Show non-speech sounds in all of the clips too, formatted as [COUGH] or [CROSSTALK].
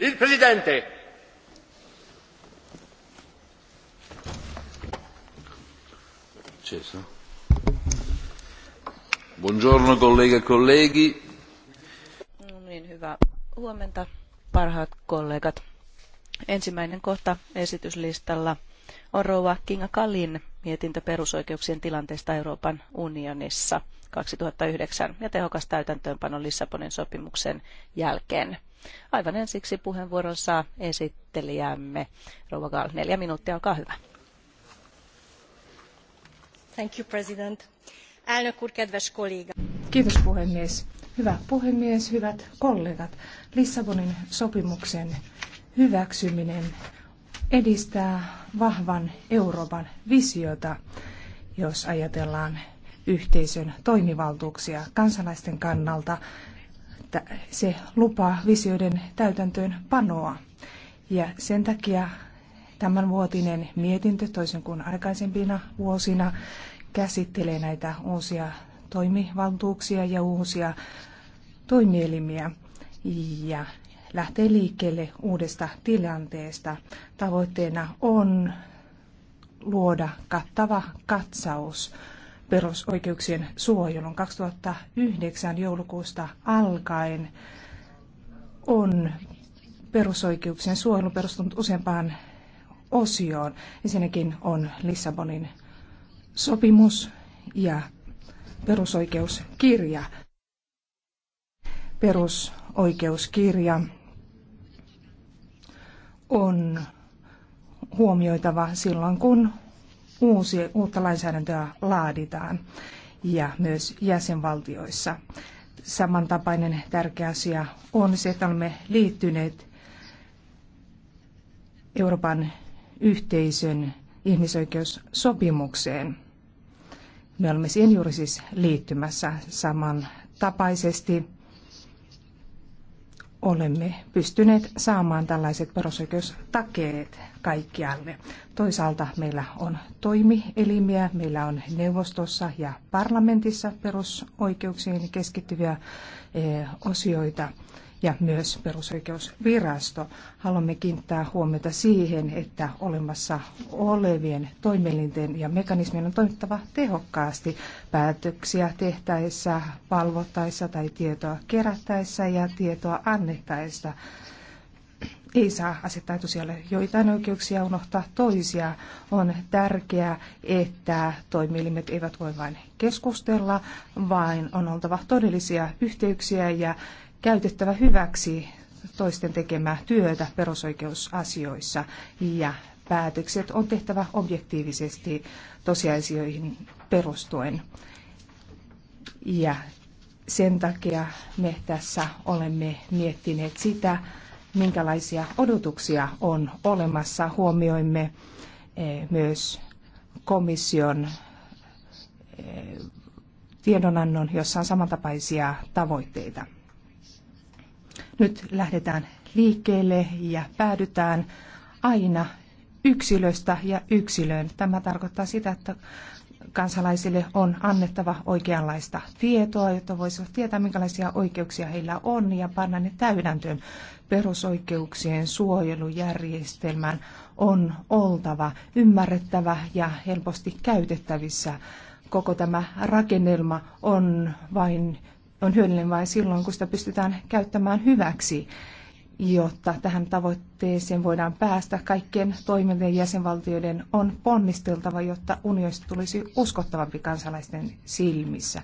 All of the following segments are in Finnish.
Il Presidente. Acceso. Buongiorno e colleghi. No niin, hyvää huomenta parhaat kollegat. Ensimmäinen kohta esityslistalla on rouva Kinga Kalin mietintö perusoikeuksien tilanteesta Euroopan unionissa 2009 ja tehokas täytäntöönpano Lissabonin sopimuksen jälkeen. Aivan ensiksi puheenvuoron saa esittelijämme Rouva Gall. Neljä minuuttia, olkaa hyvä. Thank you, President. Kiitos puhemies. Hyvä puhemies, hyvät kollegat. Lissabonin sopimuksen hyväksyminen edistää vahvan Euroopan visiota, jos ajatellaan yhteisön toimivaltuuksia kansalaisten kannalta. Se lupaa visioiden täytäntöön panoa. Ja sen takia tämänvuotinen mietintö, toisin kuin aikaisempina vuosina, käsittelee näitä uusia toimivaltuuksia ja uusia toimielimiä. Ja lähtee liikkeelle uudesta tilanteesta. Tavoitteena on luoda kattava katsaus perusoikeuksien suojelun 2009 joulukuusta alkaen on perusoikeuksien suojelu perustunut useampaan osioon. Ensinnäkin on Lissabonin sopimus ja perusoikeuskirja. Perusoikeuskirja on huomioitava silloin, kun uusi, uutta lainsäädäntöä laaditaan ja myös jäsenvaltioissa. Samantapainen tärkeä asia on se, että olemme liittyneet Euroopan yhteisön ihmisoikeussopimukseen. Me olemme siihen juuri siis liittymässä samantapaisesti olemme pystyneet saamaan tällaiset perusoikeustakeet kaikkialle. Toisaalta meillä on toimielimiä, meillä on neuvostossa ja parlamentissa perusoikeuksiin keskittyviä eh, osioita ja myös perusoikeusvirasto. Haluamme kiinnittää huomiota siihen, että olemassa olevien toimielinten ja mekanismien on toimittava tehokkaasti päätöksiä tehtäessä, valvottaessa tai tietoa kerättäessä ja tietoa annettaessa ei saa asettaa etusijalle joitain oikeuksia unohtaa toisia. On tärkeää, että toimielimet eivät voi vain keskustella, vaan on oltava todellisia yhteyksiä ja käytettävä hyväksi toisten tekemää työtä perusoikeusasioissa ja päätökset on tehtävä objektiivisesti tosiasioihin perustuen. Ja sen takia me tässä olemme miettineet sitä, minkälaisia odotuksia on olemassa. Huomioimme eh, myös komission eh, tiedonannon, jossa on samantapaisia tavoitteita. Nyt lähdetään liikkeelle ja päädytään aina yksilöstä ja yksilöön. Tämä tarkoittaa sitä, että kansalaisille on annettava oikeanlaista tietoa, jotta voisivat tietää, minkälaisia oikeuksia heillä on ja panna ne täydäntöön. Perusoikeuksien suojelujärjestelmän on oltava ymmärrettävä ja helposti käytettävissä. Koko tämä rakennelma on vain on hyödyllinen vain silloin, kun sitä pystytään käyttämään hyväksi, jotta tähän tavoitteeseen voidaan päästä. Kaikkien toimivien jäsenvaltioiden on ponnisteltava, jotta unionista tulisi uskottavampi kansalaisten silmissä.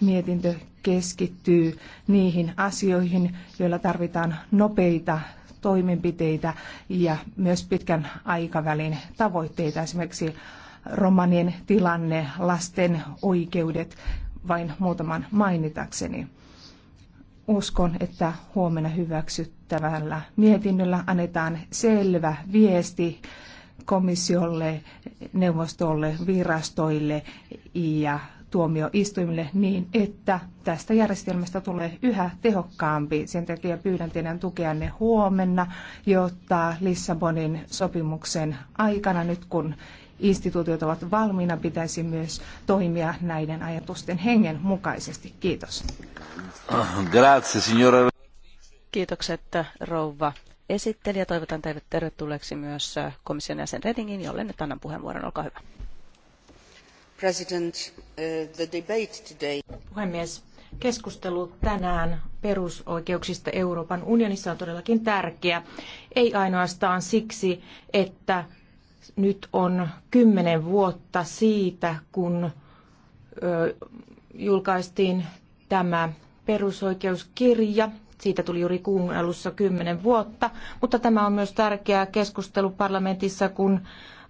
Mietintö keskittyy niihin asioihin, joilla tarvitaan nopeita toimenpiteitä ja myös pitkän aikavälin tavoitteita, esimerkiksi romanien tilanne, lasten oikeudet, vain muutaman mainitakseni. Uskon, että huomenna hyväksyttävällä mietinnöllä annetaan selvä viesti komissiolle, neuvostolle, virastoille ja tuomioistuimille niin, että tästä järjestelmästä tulee yhä tehokkaampi. Sen takia pyydän teidän tukeanne huomenna, jotta Lissabonin sopimuksen aikana nyt kun instituutiot ovat valmiina, pitäisi myös toimia näiden ajatusten hengen mukaisesti. Kiitos. Grazie, signora. Kiitokset, rouva esittelijä. Toivotan teidät tervetulleeksi myös äh, komission jäsen Redingin, jolle nyt annan puheenvuoron. Olkaa hyvä. President, uh, the debate today. Puhemies, keskustelu tänään perusoikeuksista Euroopan unionissa on todellakin tärkeä. Ei ainoastaan siksi, että nyt on kymmenen vuotta siitä, kun julkaistiin tämä perusoikeuskirja. Siitä tuli juuri kuun alussa kymmenen vuotta, mutta tämä on myös tärkeä keskustelu parlamentissa, kun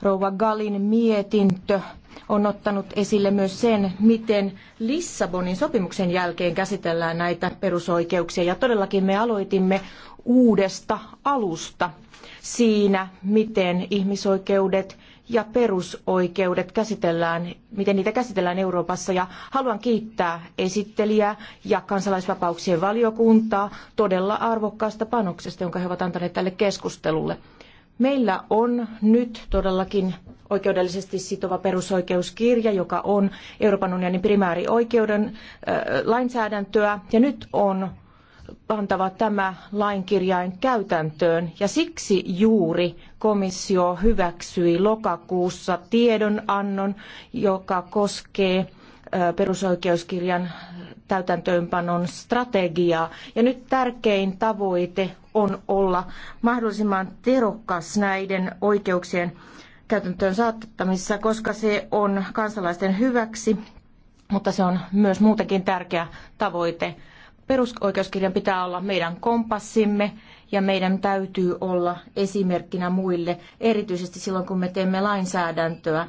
rouva Galin mietintö on ottanut esille myös sen, miten Lissabonin sopimuksen jälkeen käsitellään näitä perusoikeuksia. Ja todellakin me aloitimme uudesta alusta siinä, miten ihmisoikeudet ja perusoikeudet käsitellään, miten niitä käsitellään Euroopassa. Ja haluan kiittää esittelijää ja kansalaisvapauksien valiokuntaa todella arvokkaasta panoksesta, jonka he ovat antaneet tälle keskustelulle. Meillä on nyt todellakin oikeudellisesti sitova perusoikeuskirja, joka on Euroopan unionin primäärioikeuden lainsäädäntöä. Ja nyt on pantava tämä lainkirjain käytäntöön ja siksi juuri komissio hyväksyi lokakuussa tiedonannon, joka koskee perusoikeuskirjan täytäntöönpanon strategiaa. Ja nyt tärkein tavoite on olla mahdollisimman tehokas näiden oikeuksien käytäntöön saattamisessa, koska se on kansalaisten hyväksi, mutta se on myös muutenkin tärkeä tavoite Perusoikeuskirjan pitää olla meidän kompassimme ja meidän täytyy olla esimerkkinä muille, erityisesti silloin kun me teemme lainsäädäntöä.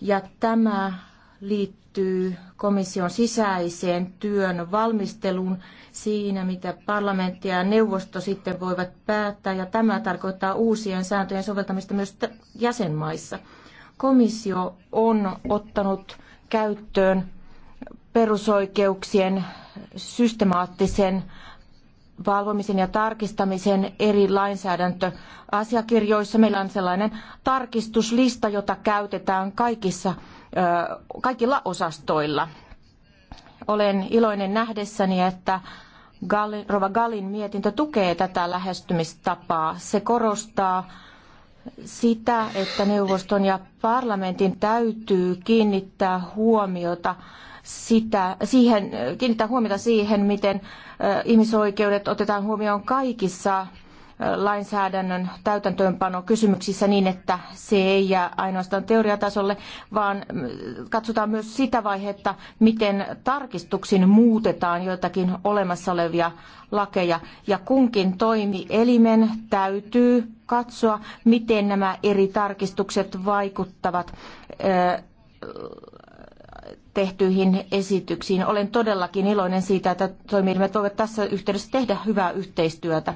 Ja tämä liittyy komission sisäiseen työn valmisteluun siinä, mitä parlamentti ja neuvosto sitten voivat päättää, ja tämä tarkoittaa uusien sääntöjen soveltamista myös jäsenmaissa. Komissio on ottanut käyttöön perusoikeuksien systemaattisen valvomisen ja tarkistamisen eri lainsäädäntöasiakirjoissa. Meillä on sellainen tarkistuslista, jota käytetään kaikissa, kaikilla osastoilla. Olen iloinen nähdessäni, että Gallin, Rova Gallin mietintö tukee tätä lähestymistapaa. Se korostaa sitä, että neuvoston ja parlamentin täytyy kiinnittää huomiota sitä, siihen, kiinnittää huomiota siihen, miten ihmisoikeudet otetaan huomioon kaikissa lainsäädännön täytäntöönpano kysymyksissä niin, että se ei jää ainoastaan teoriatasolle, vaan katsotaan myös sitä vaihetta, miten tarkistuksin muutetaan joitakin olemassa olevia lakeja. Ja kunkin toimielimen täytyy katsoa, miten nämä eri tarkistukset vaikuttavat tehtyihin esityksiin. Olen todellakin iloinen siitä, että toimielimet voivat tässä yhteydessä tehdä hyvää yhteistyötä.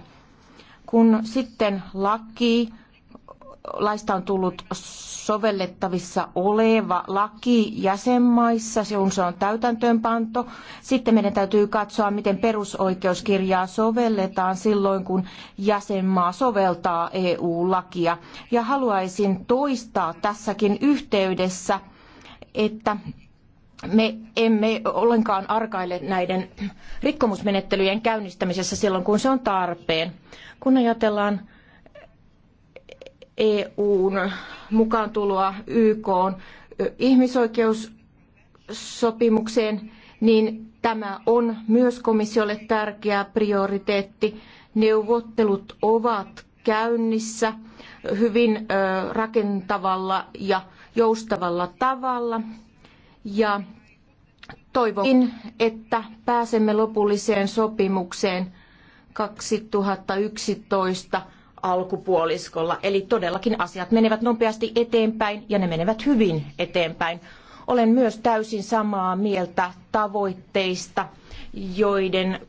Kun sitten laki, laista on tullut sovellettavissa oleva laki jäsenmaissa, se on, se on täytäntöönpanto. Sitten meidän täytyy katsoa, miten perusoikeuskirjaa sovelletaan silloin, kun jäsenmaa soveltaa EU-lakia. Ja haluaisin toistaa tässäkin yhteydessä, että me emme ollenkaan arkaile näiden rikkomusmenettelyjen käynnistämisessä silloin, kun se on tarpeen. Kun ajatellaan EUn mukaan tuloa YK ihmisoikeussopimukseen, niin tämä on myös komissiolle tärkeä prioriteetti. Neuvottelut ovat käynnissä hyvin rakentavalla ja joustavalla tavalla ja toivonkin, että pääsemme lopulliseen sopimukseen 2011 alkupuoliskolla. Eli todellakin asiat menevät nopeasti eteenpäin ja ne menevät hyvin eteenpäin. Olen myös täysin samaa mieltä tavoitteista joiden,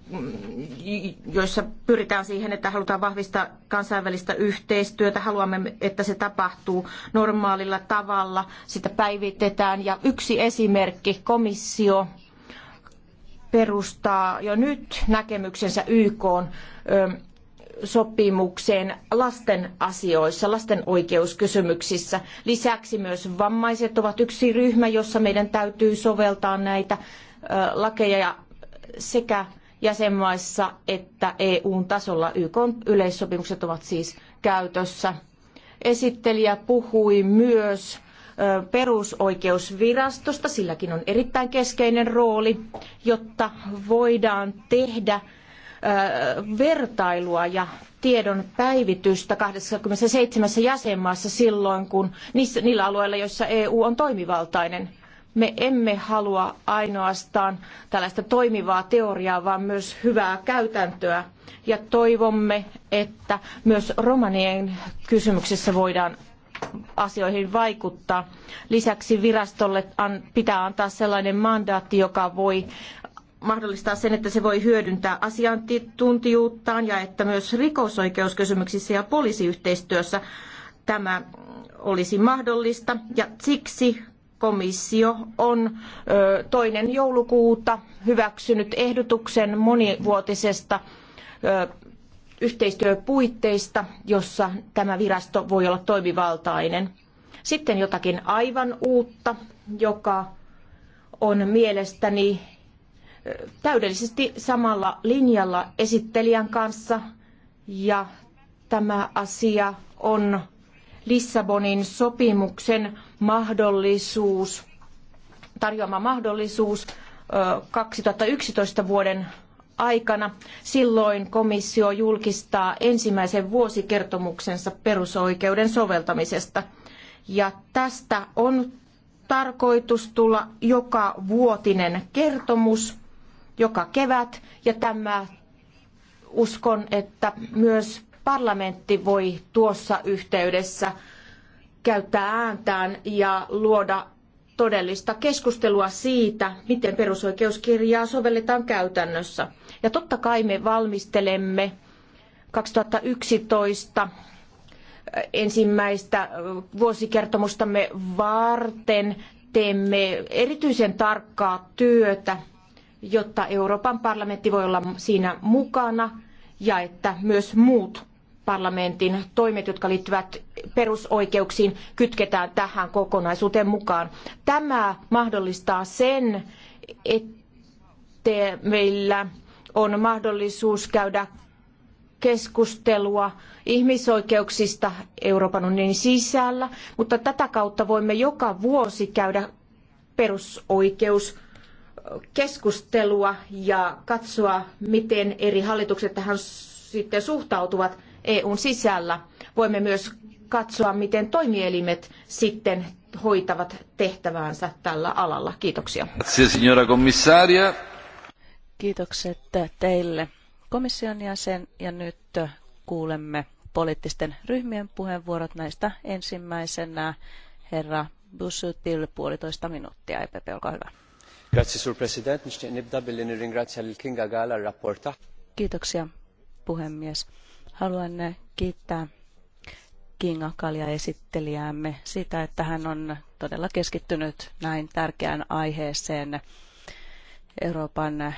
joissa pyritään siihen, että halutaan vahvistaa kansainvälistä yhteistyötä. Haluamme, että se tapahtuu normaalilla tavalla, sitä päivitetään. Ja yksi esimerkki, komissio perustaa jo nyt näkemyksensä YK sopimukseen lasten asioissa, lasten oikeuskysymyksissä. Lisäksi myös vammaiset ovat yksi ryhmä, jossa meidän täytyy soveltaa näitä lakeja ja sekä jäsenmaissa että EUn tasolla. YK yleissopimukset ovat siis käytössä. Esittelijä puhui myös perusoikeusvirastosta, silläkin on erittäin keskeinen rooli, jotta voidaan tehdä vertailua ja tiedon päivitystä 27 jäsenmaassa silloin, kun niissä, niillä alueilla, joissa EU on toimivaltainen. Me emme halua ainoastaan tällaista toimivaa teoriaa, vaan myös hyvää käytäntöä. Ja toivomme, että myös romanien kysymyksessä voidaan asioihin vaikuttaa. Lisäksi virastolle pitää antaa sellainen mandaatti, joka voi mahdollistaa sen, että se voi hyödyntää asiantuntijuuttaan ja että myös rikosoikeuskysymyksissä ja poliisiyhteistyössä tämä olisi mahdollista. Ja siksi komissio on toinen joulukuuta hyväksynyt ehdotuksen monivuotisesta yhteistyöpuitteista, jossa tämä virasto voi olla toimivaltainen. Sitten jotakin aivan uutta, joka on mielestäni täydellisesti samalla linjalla esittelijän kanssa ja tämä asia on Lissabonin sopimuksen mahdollisuus, tarjoama mahdollisuus 2011 vuoden aikana. Silloin komissio julkistaa ensimmäisen vuosikertomuksensa perusoikeuden soveltamisesta. Ja tästä on tarkoitus tulla joka vuotinen kertomus, joka kevät. Ja tämä uskon, että myös parlamentti voi tuossa yhteydessä käyttää ääntään ja luoda todellista keskustelua siitä, miten perusoikeuskirjaa sovelletaan käytännössä. Ja totta kai me valmistelemme 2011 ensimmäistä vuosikertomustamme varten teemme erityisen tarkkaa työtä, jotta Euroopan parlamentti voi olla siinä mukana ja että myös muut parlamentin toimet, jotka liittyvät perusoikeuksiin kytketään tähän kokonaisuuteen mukaan. Tämä mahdollistaa sen, että meillä on mahdollisuus käydä keskustelua ihmisoikeuksista Euroopan unionin sisällä, mutta tätä kautta voimme joka vuosi käydä perusoikeuskeskustelua ja katsoa, miten eri hallitukset tähän sitten suhtautuvat EUn sisällä. Voimme myös katsoa, miten toimielimet sitten hoitavat tehtäväänsä tällä alalla. Kiitoksia. signora Kiitokset teille komission jäsen ja nyt kuulemme poliittisten ryhmien puheenvuorot näistä ensimmäisenä. Herra Busuttil puolitoista minuuttia. EPP, olkaa hyvä. Kiitoksia puhemies. Haluan kiittää Kinga Kalja esittelijäämme sitä, että hän on todella keskittynyt näin tärkeään aiheeseen Euroopan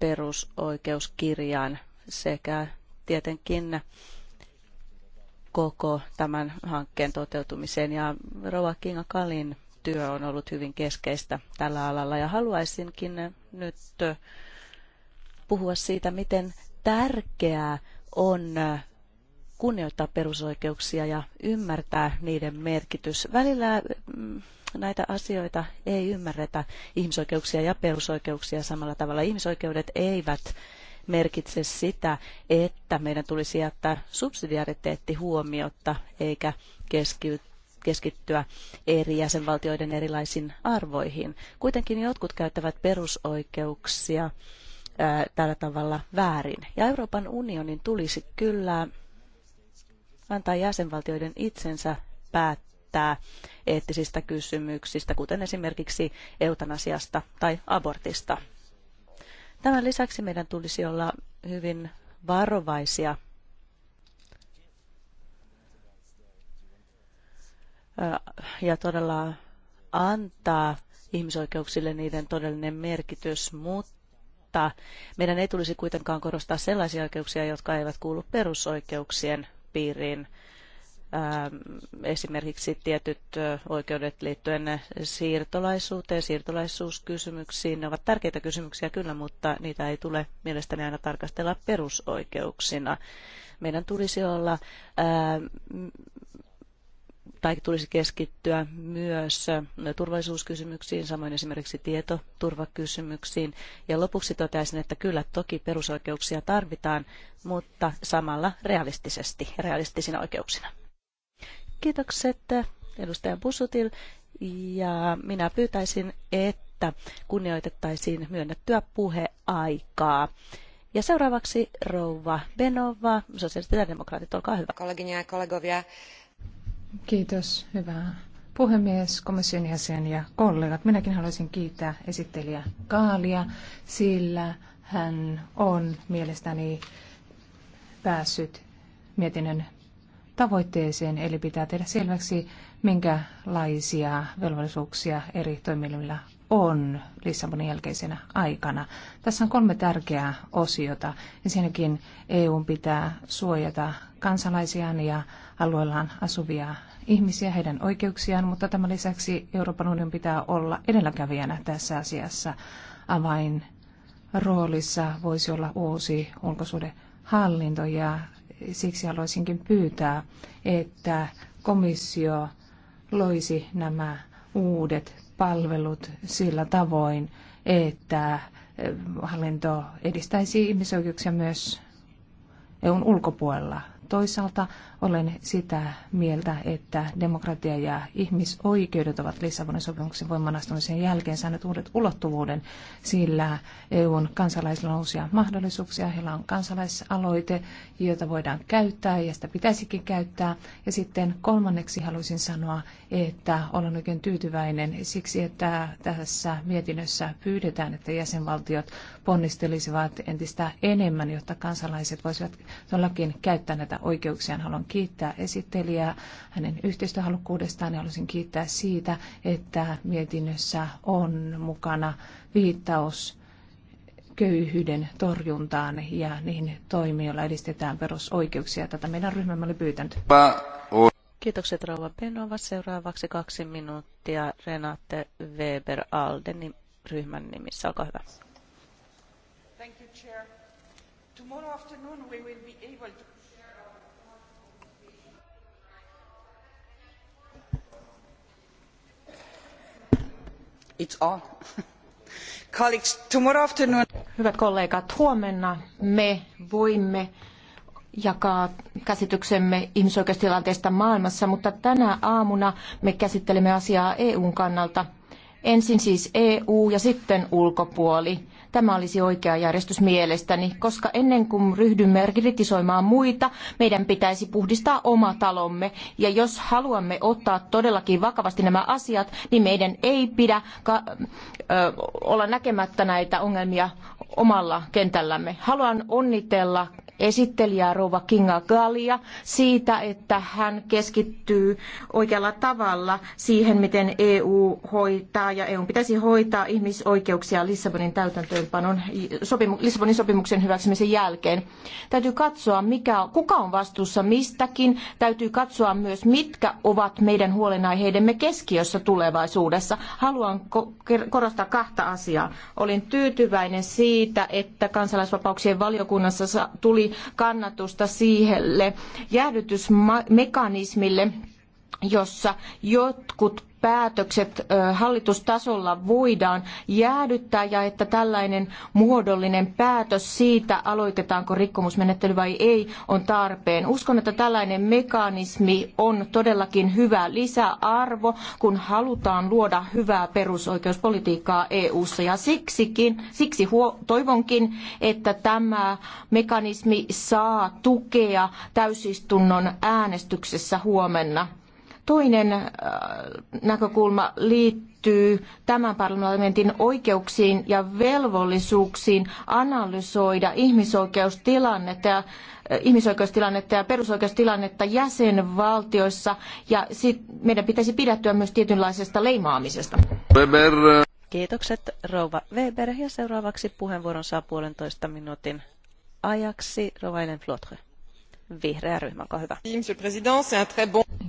perusoikeuskirjaan sekä tietenkin koko tämän hankkeen toteutumiseen. Ja Rova Kinga Kalin työ on ollut hyvin keskeistä tällä alalla ja haluaisinkin nyt puhua siitä, miten tärkeää on kunnioittaa perusoikeuksia ja ymmärtää niiden merkitys. Välillä mm, näitä asioita ei ymmärretä, ihmisoikeuksia ja perusoikeuksia samalla tavalla. Ihmisoikeudet eivät merkitse sitä, että meidän tulisi jättää subsidiariteetti huomiota eikä keskittyä eri jäsenvaltioiden erilaisiin arvoihin. Kuitenkin jotkut käyttävät perusoikeuksia tällä tavalla väärin. Ja Euroopan unionin tulisi kyllä antaa jäsenvaltioiden itsensä päättää eettisistä kysymyksistä, kuten esimerkiksi eutanasiasta tai abortista. Tämän lisäksi meidän tulisi olla hyvin varovaisia ja todella antaa ihmisoikeuksille niiden todellinen merkitys, mutta meidän ei tulisi kuitenkaan korostaa sellaisia oikeuksia, jotka eivät kuulu perusoikeuksien piiriin esimerkiksi tietyt oikeudet liittyen siirtolaisuuteen, siirtolaisuuskysymyksiin. Ne ovat tärkeitä kysymyksiä kyllä, mutta niitä ei tule mielestäni aina tarkastella perusoikeuksina. Meidän tulisi olla tai tulisi keskittyä myös turvallisuuskysymyksiin, samoin esimerkiksi tietoturvakysymyksiin. Ja lopuksi toteaisin, että kyllä toki perusoikeuksia tarvitaan, mutta samalla realistisesti, realistisina oikeuksina. Kiitokset edustaja Busutil. Ja minä pyytäisin, että kunnioitettaisiin myönnettyä puheaikaa. Ja seuraavaksi rouva Benova, sosiaaliset ja demokraatit, olkaa hyvä. Kollegini ja kollegovia, Kiitos, hyvä puhemies, komission jäsen ja kollegat. Minäkin haluaisin kiittää esittelijä Kaalia, sillä hän on mielestäni päässyt mietinnön tavoitteeseen, eli pitää tehdä selväksi, minkälaisia velvollisuuksia eri toimijoilla on Lissabonin jälkeisenä aikana. Tässä on kolme tärkeää osiota. Ensinnäkin EU pitää suojata kansalaisiaan ja alueellaan asuvia ihmisiä, heidän oikeuksiaan, mutta tämän lisäksi Euroopan unionin pitää olla edelläkävijänä tässä asiassa. Avain roolissa voisi olla uusi ulkosuhdehallinto ja siksi haluaisinkin pyytää, että komissio loisi nämä uudet palvelut sillä tavoin, että eh, hallinto edistäisi ihmisoikeuksia myös EUn ulkopuolella. Toisaalta olen sitä mieltä, että demokratia ja ihmisoikeudet ovat Lissabonin sopimuksen voimanastumisen jälkeen saaneet uudet ulottuvuuden, sillä EUn kansalaisilla on uusia mahdollisuuksia. Heillä on kansalaisaloite, jota voidaan käyttää ja sitä pitäisikin käyttää. Ja sitten kolmanneksi haluaisin sanoa, että olen oikein tyytyväinen siksi, että tässä mietinnössä pyydetään, että jäsenvaltiot ponnistelisivat entistä enemmän, jotta kansalaiset voisivat todellakin käyttää näitä oikeuksiaan. Haluan kiittää esittelijää hänen yhteistyöhalukkuudestaan ja haluaisin kiittää siitä, että mietinnössä on mukana viittaus köyhyyden torjuntaan ja niihin toimiin, joilla edistetään perusoikeuksia. Tätä meidän ryhmämme oli pyytänyt. Kiitokset Rauva Penova. Seuraavaksi kaksi minuuttia Renate Weber Alden, ryhmän nimissä. Olkaa hyvä. Thank you, Chair. Tomorrow afternoon we will be able to [LAUGHS] Hyvät kollegat, huomenna me voimme jakaa käsityksemme ihmisoikeustilanteesta maailmassa, mutta tänä aamuna me käsittelemme asiaa EUn kannalta. Ensin siis EU ja sitten ulkopuoli. Tämä olisi oikea järjestys mielestäni, koska ennen kuin ryhdymme kritisoimaan muita, meidän pitäisi puhdistaa oma talomme. Ja jos haluamme ottaa todellakin vakavasti nämä asiat, niin meidän ei pidä olla näkemättä näitä ongelmia omalla kentällämme. Haluan onnitella esittelijää Rouva Kinga Galia siitä, että hän keskittyy oikealla tavalla siihen, miten EU hoitaa ja EU pitäisi hoitaa ihmisoikeuksia Lissabonin täytäntöönpanon Lissabonin sopimuksen hyväksymisen jälkeen. Täytyy katsoa, mikä, kuka on vastuussa mistäkin. Täytyy katsoa myös, mitkä ovat meidän huolenaiheidemme keskiössä tulevaisuudessa. Haluan korostaa kahta asiaa. Olin tyytyväinen siihen, siitä, että kansalaisvapauksien valiokunnassa tuli kannatusta siihelle jäädytysmekanismille, jossa jotkut päätökset hallitustasolla voidaan jäädyttää ja että tällainen muodollinen päätös siitä, aloitetaanko rikkomusmenettely vai ei, on tarpeen. Uskon, että tällainen mekanismi on todellakin hyvä lisäarvo, kun halutaan luoda hyvää perusoikeuspolitiikkaa EU-ssa. Ja siksikin, siksi toivonkin, että tämä mekanismi saa tukea täysistunnon äänestyksessä huomenna. Toinen äh, näkökulma liittyy tämän parlamentin oikeuksiin ja velvollisuuksiin analysoida ihmisoikeustilannetta ja, äh, ihmisoikeustilannetta ja perusoikeustilannetta jäsenvaltioissa ja meidän pitäisi pidättyä myös tietynlaisesta leimaamisesta. Weber. Kiitokset rouva Weber ja seuraavaksi puheenvuoron saa puolentoista minuutin ajaksi rouva Flotre. Vihreä ryhmä, olkaa hyvä.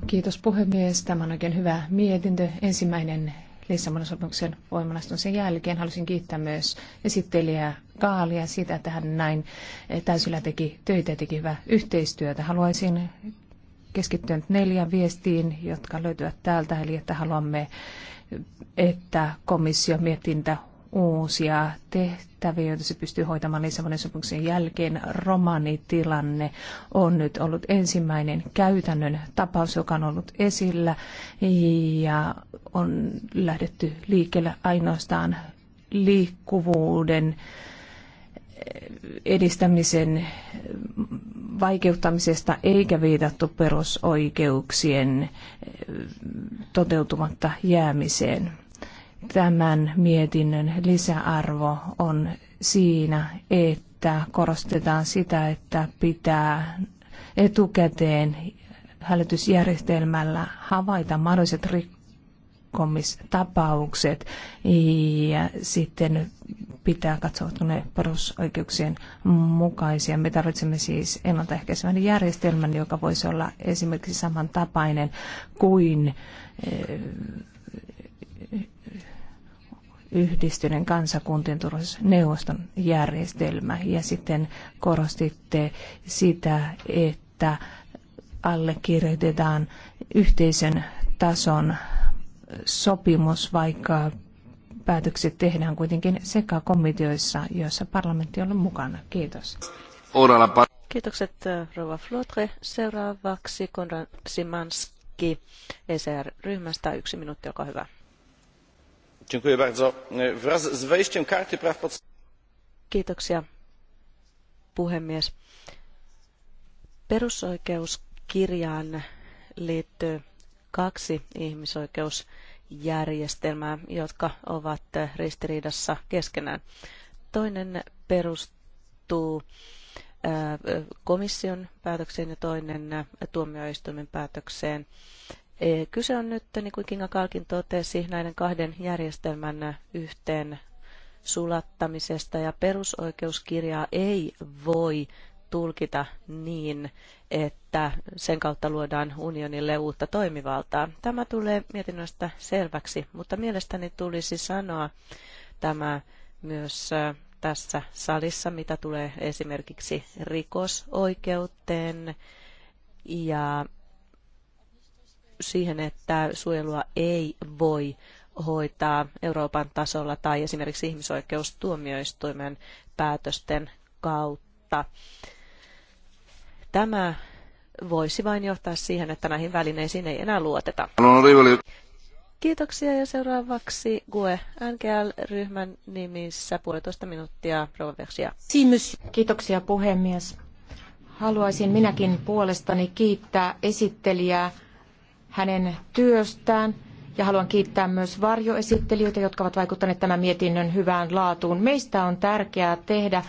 Kiitos puhemies. Tämä on oikein hyvä mietintö. Ensimmäinen Lissabonin sopimuksen sen jälkeen. Haluaisin kiittää myös esittelijää Kaalia siitä, että hän näin täysillä teki töitä ja teki hyvää yhteistyötä. Haluaisin keskittyä nyt neljään viestiin, jotka löytyvät täältä, eli että haluamme että komissio mietintä uusia tehtäviä, joita se pystyy hoitamaan Lissabonin sopimuksen jälkeen. Romanitilanne on nyt ollut ensimmäinen käytännön tapaus, joka on ollut esillä ja on lähdetty liikkeelle ainoastaan liikkuvuuden eh, edistämisen vaikeuttamisesta eikä viitattu perusoikeuksien eh, toteutumatta jäämiseen tämän mietinnön lisäarvo on siinä, että korostetaan sitä, että pitää etukäteen hälytysjärjestelmällä havaita mahdolliset rikkomistapaukset ja sitten pitää katsoa, että ne perusoikeuksien mukaisia. Me tarvitsemme siis ennaltaehkäisevän järjestelmän, joka voisi olla esimerkiksi samantapainen kuin eh, yhdistyneen kansakuntien turvallisuusneuvoston järjestelmä. Ja sitten korostitte sitä, että allekirjoitetaan yhteisen tason sopimus, vaikka päätökset tehdään kuitenkin sekä komiteoissa, joissa parlamentti on mukana. Kiitos. Kiitokset Rova Flotre. Seuraavaksi Konrad Simanski ECR-ryhmästä. Yksi minuutti, olkaa hyvä wraz z wejściem karty praw podstawowych puhemies perusoikeuskirjaan liittyy kaksi ihmisoikeusjärjestelmää, jotka ovat ristiriidassa keskenään. Toinen perustuu komission päätökseen ja toinen tuomioistuimen päätökseen. Kyse on nyt, niin kuin Kinga Kalkin totesi, näiden kahden järjestelmän yhteen sulattamisesta ja perusoikeuskirjaa ei voi tulkita niin, että sen kautta luodaan unionille uutta toimivaltaa. Tämä tulee mietinnöstä selväksi, mutta mielestäni tulisi sanoa tämä myös äh, tässä salissa, mitä tulee esimerkiksi rikosoikeuteen ja siihen, että suojelua ei voi hoitaa Euroopan tasolla tai esimerkiksi ihmisoikeustuomioistuimen päätösten kautta. Tämä voisi vain johtaa siihen, että näihin välineisiin ei enää luoteta. Kiitoksia ja seuraavaksi GUE NGL-ryhmän nimissä puolitoista minuuttia Rova Kiitoksia puhemies. Haluaisin minäkin puolestani kiittää esittelijää hänen työstään ja haluan kiittää myös varjoesittelijöitä, jotka ovat vaikuttaneet tämän mietinnön hyvään laatuun. Meistä on tärkeää tehdä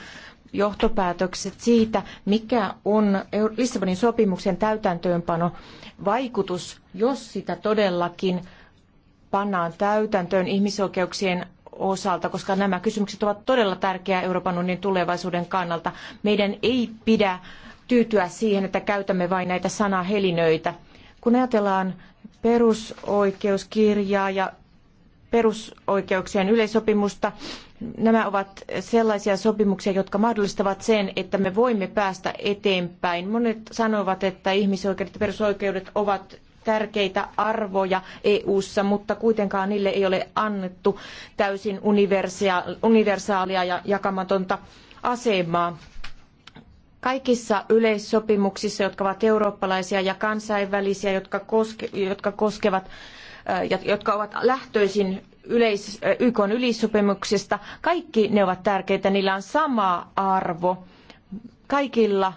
johtopäätökset siitä, mikä on Lissabonin sopimuksen täytäntöönpano vaikutus, jos sitä todellakin pannaan täytäntöön ihmisoikeuksien osalta, koska nämä kysymykset ovat todella tärkeitä Euroopan unionin tulevaisuuden kannalta. Meidän ei pidä tyytyä siihen, että käytämme vain näitä sanahelinöitä kun ajatellaan perusoikeuskirjaa ja perusoikeuksien yleisopimusta, nämä ovat sellaisia sopimuksia, jotka mahdollistavat sen, että me voimme päästä eteenpäin. Monet sanovat, että ihmisoikeudet ja perusoikeudet ovat tärkeitä arvoja EU:ssa, mutta kuitenkaan niille ei ole annettu täysin universaalia ja jakamatonta asemaa. Kaikissa yleissopimuksissa, jotka ovat eurooppalaisia ja kansainvälisiä, jotka, koske, jotka koskevat jotka ovat lähtöisin yleis, YK yleissopimuksesta, kaikki ne ovat tärkeitä, niillä on sama arvo. Kaikilla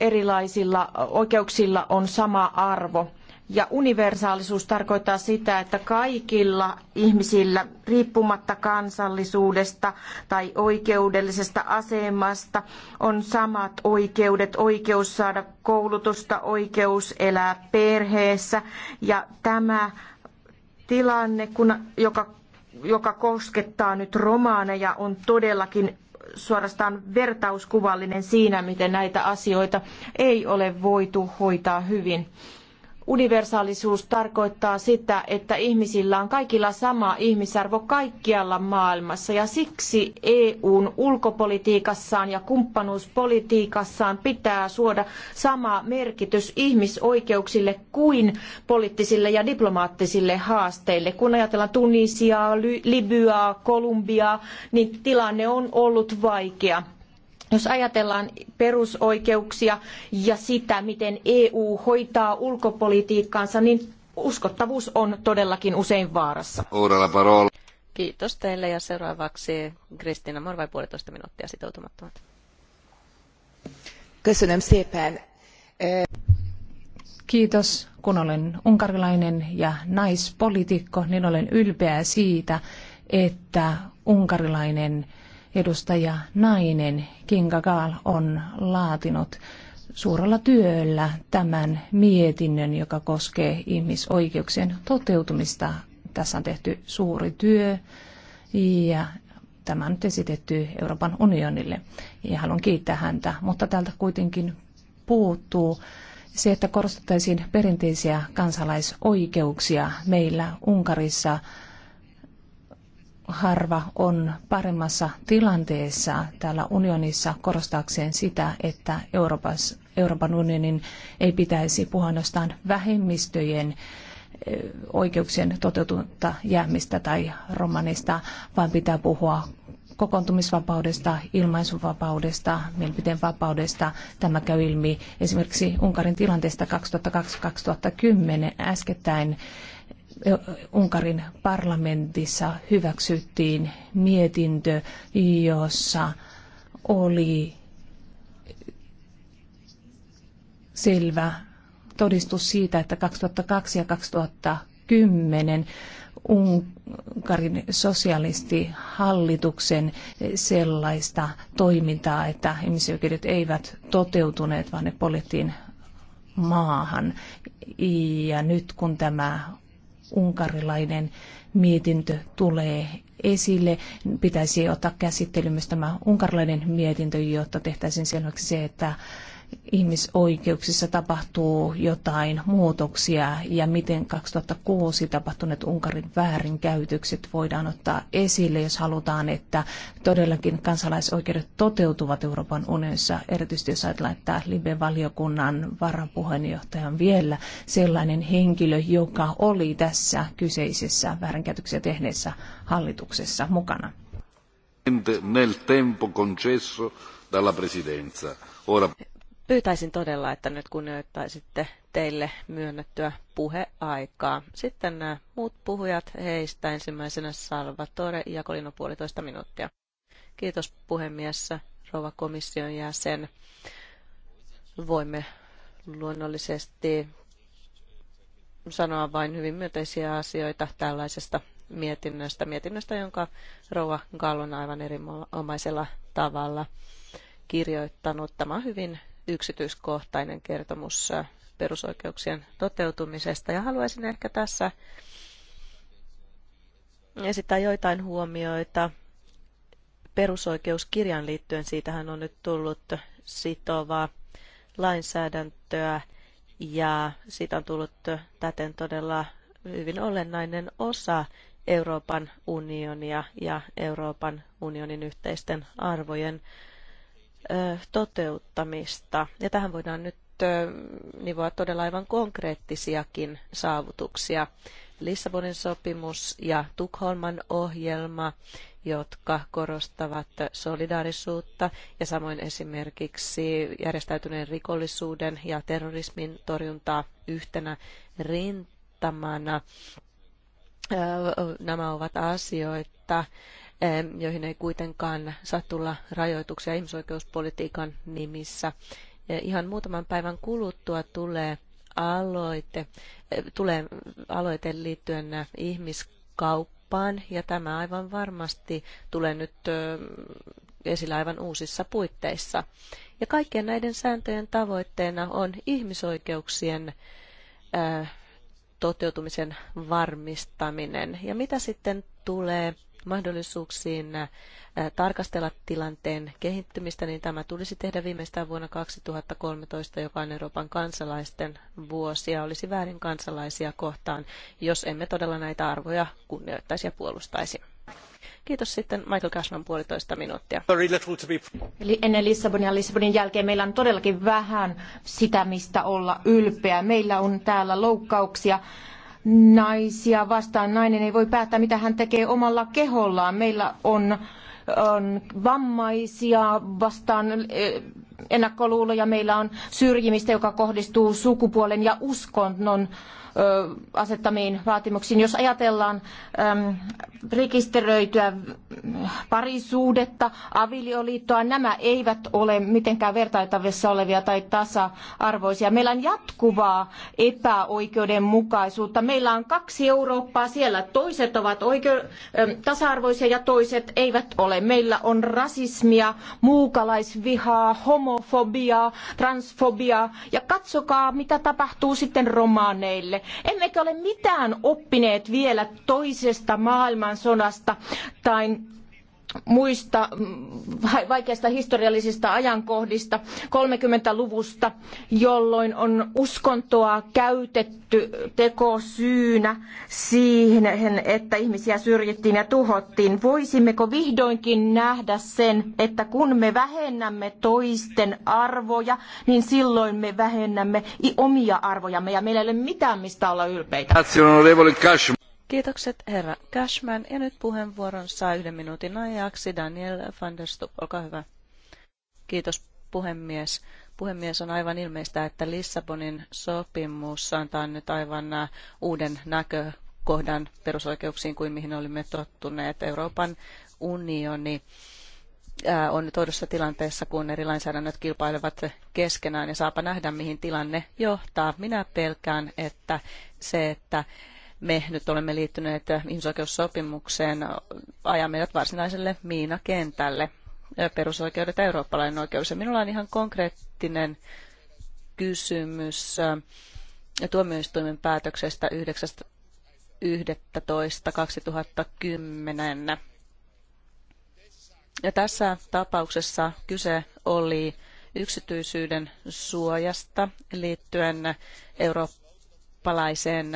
erilaisilla oikeuksilla on sama arvo. Ja universaalisuus tarkoittaa sitä, että kaikilla ihmisillä, riippumatta kansallisuudesta tai oikeudellisesta asemasta, on samat oikeudet, oikeus saada koulutusta, oikeus elää perheessä. Ja tämä tilanne, kun, joka, joka koskettaa nyt romaaneja, on todellakin suorastaan vertauskuvallinen siinä, miten näitä asioita ei ole voitu hoitaa hyvin universaalisuus tarkoittaa sitä, että ihmisillä on kaikilla sama ihmisarvo kaikkialla maailmassa ja siksi EUn ulkopolitiikassaan ja kumppanuuspolitiikassaan pitää suoda sama merkitys ihmisoikeuksille kuin poliittisille ja diplomaattisille haasteille. Kun ajatellaan Tunisiaa, Libyaa, Kolumbiaa, niin tilanne on ollut vaikea jos ajatellaan perusoikeuksia ja sitä, miten EU hoitaa ulkopolitiikkaansa, niin uskottavuus on todellakin usein vaarassa. Kiitos teille ja seuraavaksi Kristiina Morvai puolitoista minuuttia sitoutumattomat. Köszönöm Kiitos, kun olen unkarilainen ja naispoliitikko, niin olen ylpeä siitä, että unkarilainen edustaja nainen Kinga Gaal on laatinut suurella työllä tämän mietinnön, joka koskee ihmisoikeuksien toteutumista. Tässä on tehty suuri työ ja tämä on nyt esitetty Euroopan unionille ja haluan kiittää häntä, mutta täältä kuitenkin puuttuu se, että korostettaisiin perinteisiä kansalaisoikeuksia. Meillä Unkarissa harva on paremmassa tilanteessa täällä unionissa korostaakseen sitä, että Euroopan unionin ei pitäisi puhua ainoastaan vähemmistöjen eh, oikeuksien toteutunutta jäämistä tai romanista, vaan pitää puhua kokoontumisvapaudesta, ilmaisuvapaudesta, mielipiteenvapaudesta. Tämä käy ilmi esimerkiksi Unkarin tilanteesta 2002-2010 äskettäin Unkarin parlamentissa hyväksyttiin mietintö, jossa oli selvä todistus siitä, että 2002 ja 2010 Unkarin sosialistihallituksen sellaista toimintaa, että ihmisoikeudet eivät toteutuneet, vaan ne poljettiin maahan. Ja nyt kun tämä unkarilainen mietintö tulee esille. Pitäisi ottaa käsittelyyn myös tämä unkarilainen mietintö, jotta tehtäisiin selväksi se, että ihmisoikeuksissa tapahtuu jotain muutoksia ja miten 2006 tapahtuneet Unkarin väärinkäytökset voidaan ottaa esille, jos halutaan, että todellakin kansalaisoikeudet toteutuvat Euroopan unionissa, erityisesti jos ajatellaan, että Libe-valiokunnan varapuheenjohtaja on vielä sellainen henkilö, joka oli tässä kyseisessä väärinkäytöksiä tehneessä hallituksessa mukana. Nel tempo concesso dalla presidenza. Ora... Pyytäisin todella, että nyt kunnioittaisitte teille myönnettyä puheaikaa. Sitten nämä äh, muut puhujat, heistä ensimmäisenä Salvatore Kolino puolitoista minuuttia. Kiitos puhemies, rouva komission jäsen. Voimme luonnollisesti sanoa vain hyvin myönteisiä asioita tällaisesta mietinnöstä, mietinnöstä, jonka Rouva Gallon aivan erinomaisella tavalla kirjoittanut. Tämä on hyvin yksityiskohtainen kertomus perusoikeuksien toteutumisesta. Ja haluaisin ehkä tässä esittää joitain huomioita perusoikeuskirjan liittyen. Siitähän on nyt tullut sitovaa lainsäädäntöä ja siitä on tullut täten todella hyvin olennainen osa Euroopan unionia ja Euroopan unionin yhteisten arvojen toteuttamista. Ja tähän voidaan nyt nivoa todella aivan konkreettisiakin saavutuksia. Lissabonin sopimus ja Tukholman ohjelma, jotka korostavat solidaarisuutta ja samoin esimerkiksi järjestäytyneen rikollisuuden ja terrorismin torjuntaa yhtenä rintamana. Nämä ovat asioita, joihin ei kuitenkaan saa tulla rajoituksia ihmisoikeuspolitiikan nimissä. Ihan muutaman päivän kuluttua tulee aloite, tulee aloite liittyen ihmiskauppaan ja tämä aivan varmasti tulee nyt esillä aivan uusissa puitteissa. Ja kaikkien näiden sääntöjen tavoitteena on ihmisoikeuksien eh, toteutumisen varmistaminen. Ja mitä sitten tulee mahdollisuuksiin äh, tarkastella tilanteen kehittymistä, niin tämä tulisi tehdä viimeistään vuonna 2013, joka on Euroopan kansalaisten vuosi, ja olisi väärin kansalaisia kohtaan, jos emme todella näitä arvoja kunnioittaisi ja puolustaisi. Kiitos sitten Michael Cashman puolitoista minuuttia. Eli ennen Lissabonia ja Lissabonin jälkeen meillä on todellakin vähän sitä, mistä olla ylpeä. Meillä on täällä loukkauksia naisia vastaan. Nainen ei voi päättää, mitä hän tekee omalla kehollaan. Meillä on, on vammaisia vastaan eh, ennakkoluuloja, meillä on syrjimistä, joka kohdistuu sukupuolen ja uskonnon asettamiin vaatimuksiin. Jos ajatellaan rekisteröityä parisuudetta, avioliittoa, nämä eivät ole mitenkään vertaitavissa olevia tai tasa-arvoisia. Meillä on jatkuvaa epäoikeudenmukaisuutta. Meillä on kaksi Eurooppaa siellä. Toiset ovat oikeu- tasa-arvoisia ja toiset eivät ole. Meillä on rasismia, muukalaisvihaa, homofobiaa, transfobiaa ja katsokaa mitä tapahtuu sitten romaaneille. Emmekä ole mitään oppineet vielä toisesta maailmansodasta tai muista vaikeista historiallisista ajankohdista 30-luvusta, jolloin on uskontoa käytetty tekosyynä siihen, että ihmisiä syrjittiin ja tuhottiin. Voisimmeko vihdoinkin nähdä sen, että kun me vähennämme toisten arvoja, niin silloin me vähennämme omia arvojamme ja meillä ei ole mitään mistä olla ylpeitä. Kiitokset herra Cashman ja nyt puheenvuoron saa yhden minuutin ajaksi Daniel van der Olkaa hyvä. Kiitos puhemies. Puhemies on aivan ilmeistä, että Lissabonin sopimus antaa nyt aivan äh, uuden näkökohdan perusoikeuksiin kuin mihin olimme tottuneet. Euroopan unioni äh, on nyt oudossa tilanteessa, kun eri lainsäädännöt kilpailevat keskenään ja saapa nähdä, mihin tilanne johtaa. Minä pelkään, että se, että me nyt olemme liittyneet ihmisoikeussopimukseen, ajaa meidät varsinaiselle miinakentälle. Perusoikeudet ja eurooppalainen oikeus. Ja minulla on ihan konkreettinen kysymys tuomioistuimen päätöksestä 9.11.2010. Ja tässä tapauksessa kyse oli yksityisyyden suojasta liittyen Eurooppaan eurooppalaiseen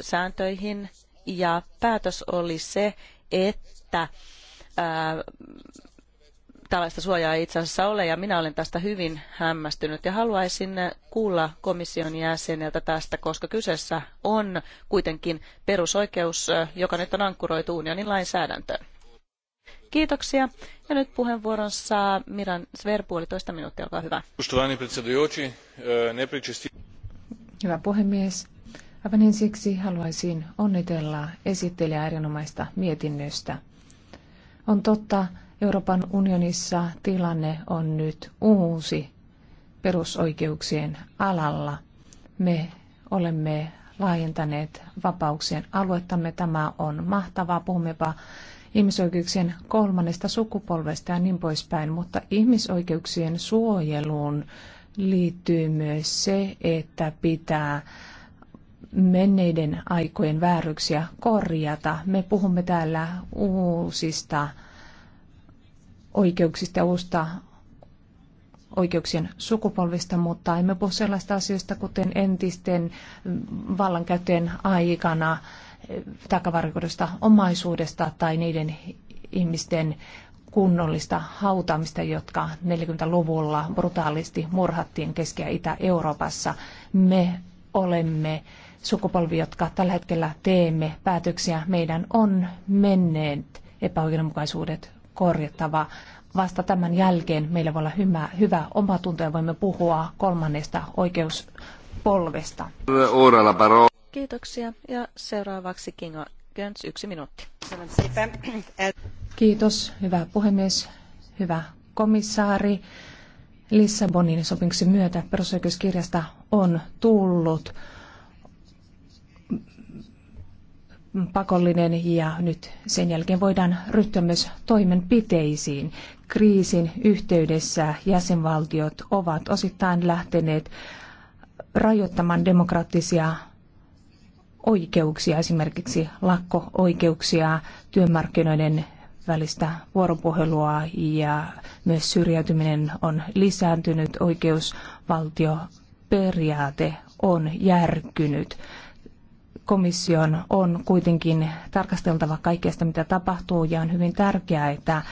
sääntöihin ja päätös oli se, että ää, tällaista suojaa ei itse asiassa ole ja minä olen tästä hyvin hämmästynyt ja haluaisin kuulla komission jäseneltä tästä, koska kyseessä on kuitenkin perusoikeus, joka nyt on ankkuroitu unionin lainsäädäntöön. Kiitoksia. Ja nyt puheenvuoron saa Miran Sver, puolitoista minuuttia, olkaa hyvä. Hyvä puhemies. Aivan ensiksi niin haluaisin onnitella esittelijä erinomaista mietinnöstä. On totta, Euroopan unionissa tilanne on nyt uusi perusoikeuksien alalla. Me olemme laajentaneet vapauksien aluettamme. Tämä on mahtavaa. Puhummepa ihmisoikeuksien kolmannesta sukupolvesta ja niin poispäin, mutta ihmisoikeuksien suojeluun liittyy myös se, että pitää menneiden aikojen vääryksiä korjata. Me puhumme täällä uusista oikeuksista ja uusta oikeuksien sukupolvista, mutta emme puhu sellaista asioista, kuten entisten vallankäyttöjen aikana takavarikoidusta omaisuudesta tai niiden ihmisten kunnollista hautaamista, jotka 40-luvulla brutaalisti murhattiin Keski- ja Itä-Euroopassa. Me olemme sukupolvi, jotka tällä hetkellä teemme päätöksiä, meidän on menneet epäoikeudenmukaisuudet korjattava. Vasta tämän jälkeen meillä voi olla hyvä, hyvä omatunto ja voimme puhua kolmannesta oikeuspolvesta. Kiitoksia ja seuraavaksi Kingo Göns yksi minuutti. Kiitos, hyvä puhemies, hyvä komissaari. Lissabonin sopimuksen myötä perusoikeuskirjasta on tullut pakollinen ja nyt sen jälkeen voidaan ryhtyä myös toimenpiteisiin. Kriisin yhteydessä jäsenvaltiot ovat osittain lähteneet rajoittamaan demokraattisia oikeuksia, esimerkiksi lakko-oikeuksia, työmarkkinoiden välistä vuoropuhelua ja myös syrjäytyminen on lisääntynyt, oikeusvaltioperiaate on järkynyt komission on kuitenkin tarkasteltava kaikkea sitä, mitä tapahtuu, ja on hyvin tärkeää, että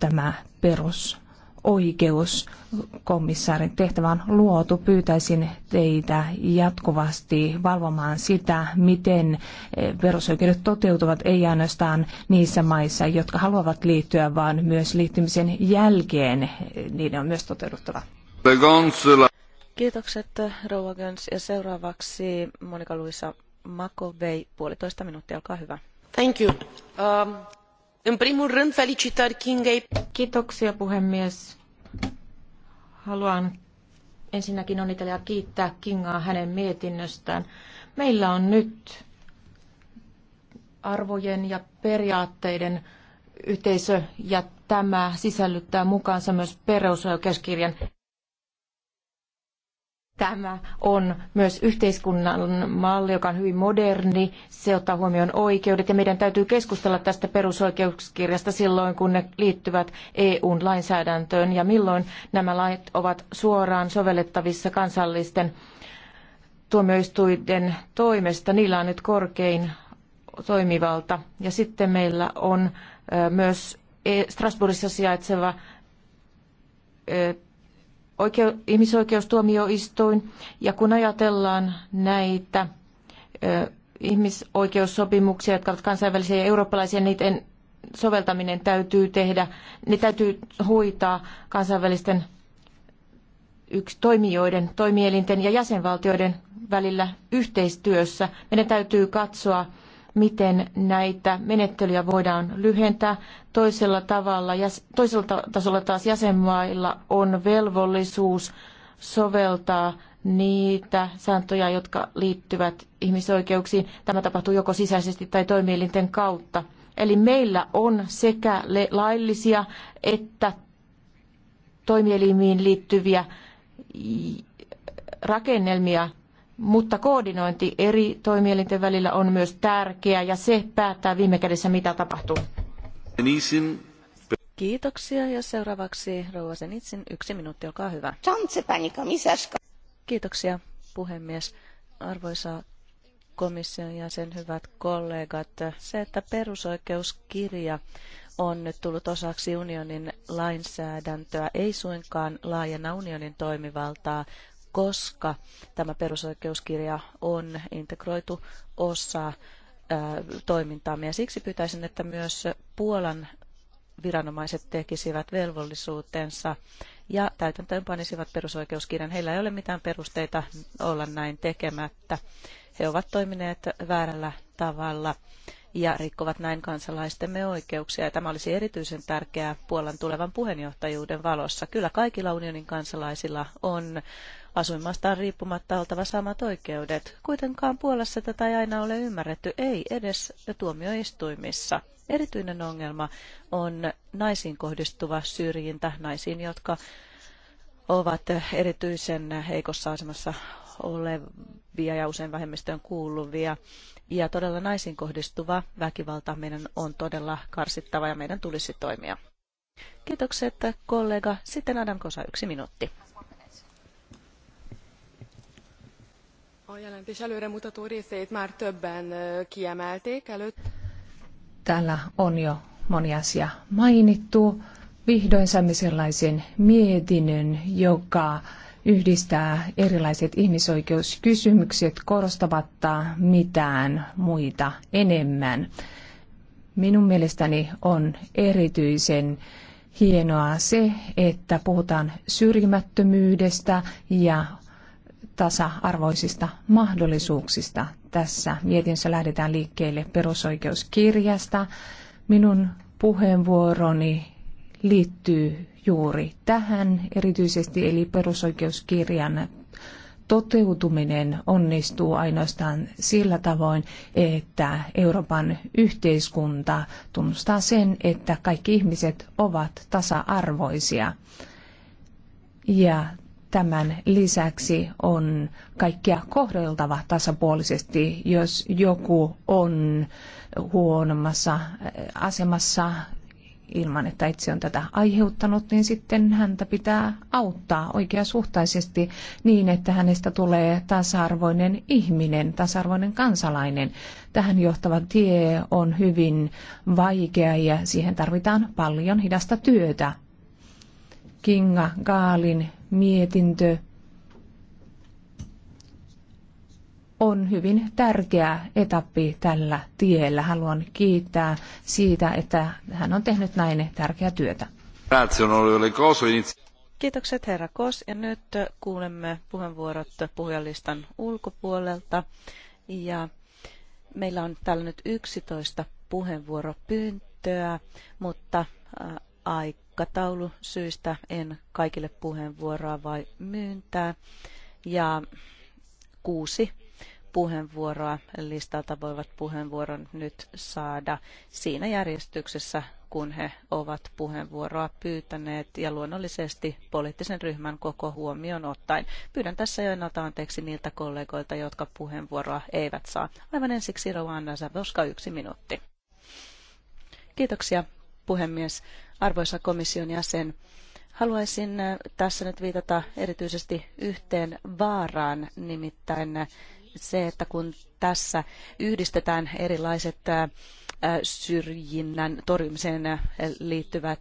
tämä perus oikeuskomissaarin tehtävä on luotu. Pyytäisin teitä jatkuvasti valvomaan sitä, miten perusoikeudet toteutuvat, ei ainoastaan niissä maissa, jotka haluavat liittyä, vaan myös liittymisen jälkeen niiden on myös toteuduttava. Kiitokset Rouva Göns ja seuraavaksi Monika Luisa Makovei, puolitoista minuuttia, olkaa hyvä. Thank you. Um, Kiitoksia puhemies. Haluan ensinnäkin onnitella ja kiittää Kingaa hänen mietinnöstään. Meillä on nyt arvojen ja periaatteiden yhteisö ja tämä sisällyttää mukaansa myös perusoikeuskirjan Tämä on myös yhteiskunnan malli, joka on hyvin moderni. Se ottaa huomioon oikeudet ja meidän täytyy keskustella tästä perusoikeuskirjasta silloin, kun ne liittyvät EUn lainsäädäntöön ja milloin nämä lait ovat suoraan sovellettavissa kansallisten tuomioistuiden toimesta. Niillä on nyt korkein toimivalta. Ja sitten meillä on myös e- Strasbourgissa sijaitseva oikeu- ihmisoikeustuomioistuin. Ja kun ajatellaan näitä ö, ihmisoikeussopimuksia, jotka ovat kansainvälisiä ja eurooppalaisia, niiden soveltaminen täytyy tehdä, ne täytyy hoitaa kansainvälisten yksi toimijoiden, toimielinten ja jäsenvaltioiden välillä yhteistyössä. Meidän täytyy katsoa miten näitä menettelyjä voidaan lyhentää. Toisella, tavalla, toisella tasolla taas jäsenmailla on velvollisuus soveltaa niitä sääntöjä, jotka liittyvät ihmisoikeuksiin. Tämä tapahtuu joko sisäisesti tai toimielinten kautta. Eli meillä on sekä laillisia että toimielimiin liittyviä rakennelmia mutta koordinointi eri toimielinten välillä on myös tärkeää ja se päättää viime kädessä, mitä tapahtuu. Kiitoksia ja seuraavaksi Rouva Senitsin yksi minuutti, olkaa hyvä. Kiitoksia puhemies. Arvoisa komission ja sen hyvät kollegat, se, että perusoikeuskirja on nyt tullut osaksi unionin lainsäädäntöä, ei suinkaan laajenna unionin toimivaltaa, koska tämä perusoikeuskirja on integroitu osa toimintaamme. Ja siksi pyytäisin, että myös Puolan viranomaiset tekisivät velvollisuutensa ja täytäntöönpanisivat perusoikeuskirjan. Heillä ei ole mitään perusteita olla näin tekemättä. He ovat toimineet väärällä tavalla ja rikkovat näin kansalaistemme oikeuksia. Ja tämä olisi erityisen tärkeää Puolan tulevan puheenjohtajuuden valossa. Kyllä kaikilla unionin kansalaisilla on Asuinmastaan riippumatta oltava samat oikeudet. Kuitenkaan Puolassa tätä ei aina ole ymmärretty, ei edes tuomioistuimissa. Erityinen ongelma on naisiin kohdistuva syrjintä, naisiin, jotka ovat erityisen heikossa asemassa olevia ja usein vähemmistöön kuuluvia. Ja todella naisiin kohdistuva väkivalta meidän on todella karsittava ja meidän tulisi toimia. Kiitokset kollega. Sitten Adam Kosa, yksi minuutti. A jelentés előremutató részeit már többen kiemelték előtt. Täällä on jo moni asia mainittu. Vihdoin saimme sellaisen mietinnön, joka yhdistää erilaiset ihmisoikeuskysymykset korostavatta mitään muita enemmän. Minun mielestäni on erityisen hienoa se, että puhutaan syrjimättömyydestä ja tasa-arvoisista mahdollisuuksista. Tässä mietinnössä lähdetään liikkeelle perusoikeuskirjasta. Minun puheenvuoroni liittyy juuri tähän, erityisesti eli perusoikeuskirjan toteutuminen onnistuu ainoastaan sillä tavoin, että Euroopan yhteiskunta tunnustaa sen, että kaikki ihmiset ovat tasa-arvoisia. Ja tämän lisäksi on kaikkia kohdeltava tasapuolisesti, jos joku on huonommassa äh, asemassa ilman, että itse on tätä aiheuttanut, niin sitten häntä pitää auttaa oikeasuhtaisesti niin, että hänestä tulee tasa-arvoinen ihminen, tasa-arvoinen kansalainen. Tähän johtava tie on hyvin vaikea ja siihen tarvitaan paljon hidasta työtä. Kinga Gaalin mietintö on hyvin tärkeä etappi tällä tiellä. Haluan kiittää siitä, että hän on tehnyt näin tärkeää työtä. Kiitokset herra Kos ja nyt kuulemme puheenvuorot puhujalistan ulkopuolelta ja meillä on täällä nyt 11 puheenvuoropyyntöä, mutta aikataulu syystä en kaikille puheenvuoroa vai myyntää. Ja kuusi puheenvuoroa listalta voivat puheenvuoron nyt saada siinä järjestyksessä, kun he ovat puheenvuoroa pyytäneet ja luonnollisesti poliittisen ryhmän koko huomioon ottaen. Pyydän tässä jo ennalta anteeksi niiltä kollegoilta, jotka puheenvuoroa eivät saa. Aivan ensiksi Rovanna Zavoska yksi minuutti. Kiitoksia puhemies. Arvoisa komission jäsen, haluaisin äh, tässä nyt viitata erityisesti yhteen vaaraan, nimittäin äh, se, että kun tässä yhdistetään erilaiset äh, syrjinnän torjumiseen liittyvät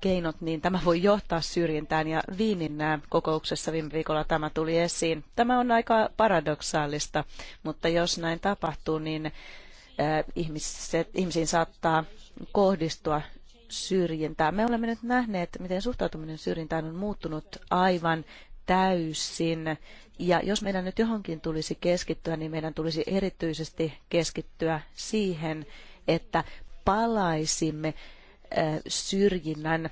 keinot, niin tämä voi johtaa syrjintään ja Viinin kokouksessa viime viikolla tämä tuli esiin. Tämä on aika paradoksaalista, mutta jos näin tapahtuu, niin ihmiset, ihmisiin saattaa kohdistua syrjintää. Me olemme nyt nähneet, miten suhtautuminen syrjintään on muuttunut aivan täysin. Ja jos meidän nyt johonkin tulisi keskittyä, niin meidän tulisi erityisesti keskittyä siihen, että palaisimme syrjinnän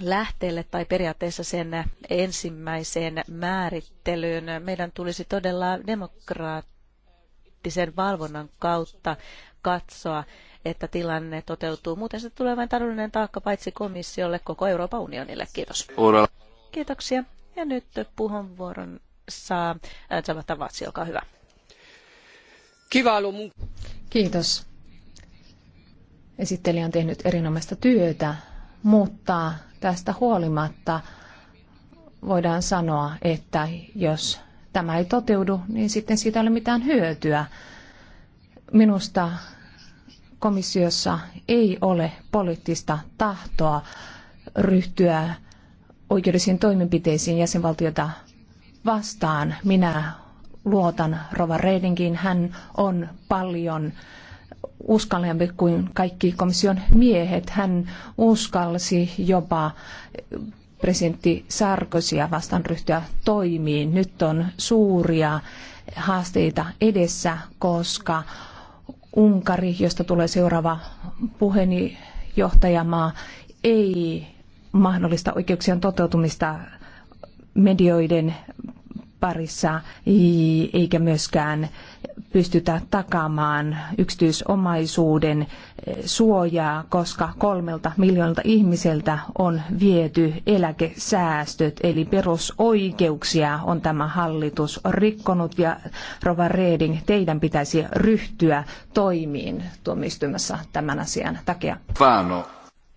lähteelle tai periaatteessa sen ensimmäiseen määrittelyyn. Meidän tulisi todella demokraattisen valvonnan kautta katsoa, että tilanne toteutuu. Muuten se tulee vain taloudellinen taakka paitsi komissiolle, koko Euroopan unionille. Kiitos. Kiitoksia. Ja nyt puheenvuoron saa Zavata äh, Vatsi, olkaa hyvä. Kiitos. Esittelijä on tehnyt erinomaista työtä, mutta tästä huolimatta voidaan sanoa, että jos tämä ei toteudu, niin sitten siitä ei ole mitään hyötyä. Minusta komissiossa ei ole poliittista tahtoa ryhtyä oikeudellisiin toimenpiteisiin jäsenvaltiota vastaan. Minä luotan Rova Redingiin. Hän on paljon uskallempi kuin kaikki komission miehet. Hän uskalsi jopa presidentti Sarkosia vastaan ryhtyä toimiin. Nyt on suuria haasteita edessä, koska Unkari, josta tulee seuraava puheenjohtajamaa, ei mahdollista oikeuksien toteutumista medioiden parissa eikä myöskään pystytä takaamaan yksityisomaisuuden eh, suojaa, koska kolmelta miljoonalta ihmiseltä on viety eläkesäästöt, eli perusoikeuksia on tämä hallitus rikkonut ja Rova Reding, teidän pitäisi ryhtyä toimiin tuomioistuimessa tämän asian takia. Fano.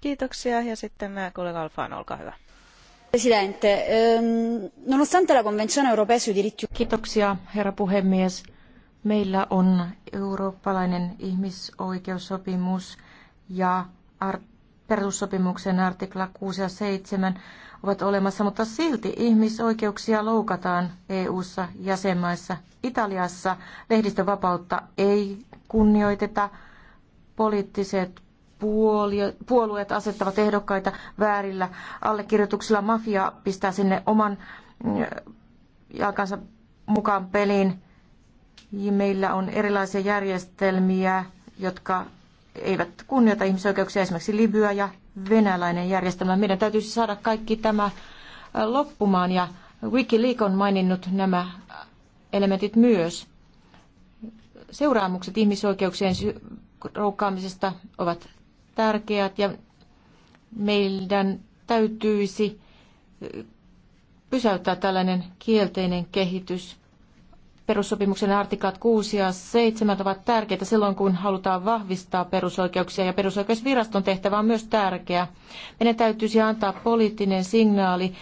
Kiitoksia ja sitten kollega Alfano, olkaa hyvä. Presidente, ehm, nonostante la Convenzione europea sui diritti... Kiitoksia, herra puhemies Meillä on eurooppalainen ihmisoikeussopimus ja art- perussopimuksen artikla 6 ja 7 ovat olemassa, mutta silti ihmisoikeuksia loukataan EU-ssa, jäsenmaissa. Italiassa lehdistövapautta ei kunnioiteta, poliittiset puolueet asettavat ehdokkaita väärillä allekirjoituksilla, mafia pistää sinne oman mm, jalkansa mukaan peliin meillä on erilaisia järjestelmiä, jotka eivät kunnioita ihmisoikeuksia, esimerkiksi Libya ja venäläinen järjestelmä. Meidän täytyisi saada kaikki tämä äh, loppumaan ja Wikileaks on maininnut nämä elementit myös. Seuraamukset ihmisoikeuksien loukkaamisesta ovat tärkeät ja meidän täytyisi äh, pysäyttää tällainen kielteinen kehitys perussopimuksen artiklat 6 ja 7 ovat tärkeitä silloin, kun halutaan vahvistaa perusoikeuksia ja perusoikeusviraston tehtävä on myös tärkeä. Meidän täytyisi antaa poliittinen signaali eh,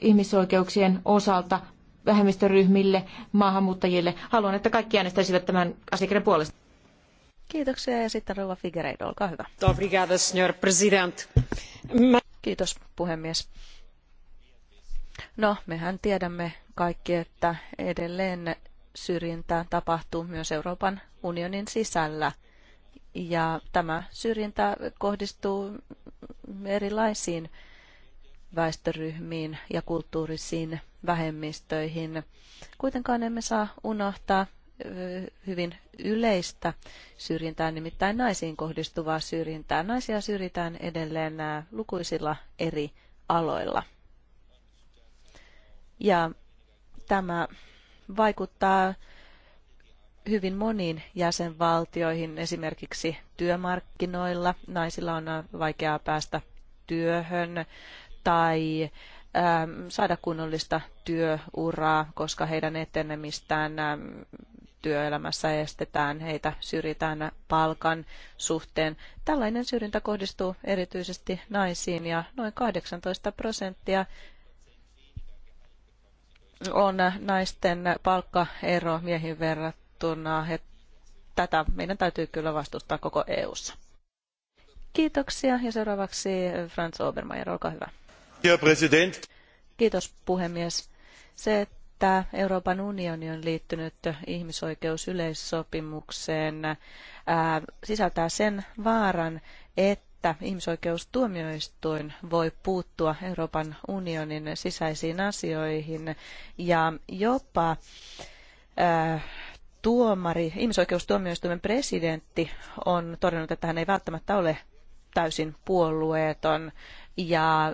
ihmisoikeuksien osalta vähemmistöryhmille, maahanmuuttajille. Haluan, että kaikki äänestäisivät tämän asiakirjan puolesta. Kiitoksia ja sitten Rova Figueiredo, olkaa hyvä. Kiitos puhemies. No, mehän tiedämme kaikki, että edelleen syrjintää tapahtuu myös Euroopan unionin sisällä. Ja tämä syrjintä kohdistuu erilaisiin väestöryhmiin ja kulttuurisiin vähemmistöihin. Kuitenkaan emme saa unohtaa hyvin yleistä syrjintää, nimittäin naisiin kohdistuvaa syrjintää. Naisia syrjitään edelleen lukuisilla eri aloilla. Ja tämä vaikuttaa hyvin moniin jäsenvaltioihin, esimerkiksi työmarkkinoilla. Naisilla on äh, vaikeaa päästä työhön tai ähm, saada kunnollista työuraa, koska heidän etenemistään ähm, työelämässä estetään, heitä syrjitään palkan suhteen. Tällainen syrjintä kohdistuu erityisesti naisiin ja noin 18 prosenttia on naisten palkkaero miehiin verrattuna. tätä meidän täytyy kyllä vastustaa koko EU:ssa. Kiitoksia ja seuraavaksi Franz Obermeier, olkaa hyvä. Kiitos puhemies. Se, että Euroopan unioni on liittynyt ihmisoikeusyleissopimukseen, sisältää sen vaaran, että että ihmisoikeustuomioistuin voi puuttua Euroopan unionin sisäisiin asioihin ja jopa äh, tuomari, ihmisoikeustuomioistuimen presidentti on todennut, että hän ei välttämättä ole täysin puolueeton ja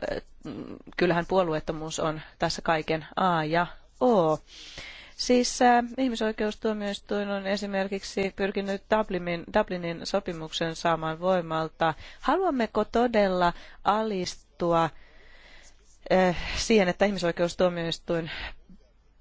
kyllähän puolueettomuus on tässä kaiken A ja O. Siis äh, ihmisoikeustuomioistuin on esimerkiksi pyrkinyt Dublinin, Dublinin sopimuksen saamaan voimalta. Haluammeko todella alistua äh, siihen, että ihmisoikeustuomioistuin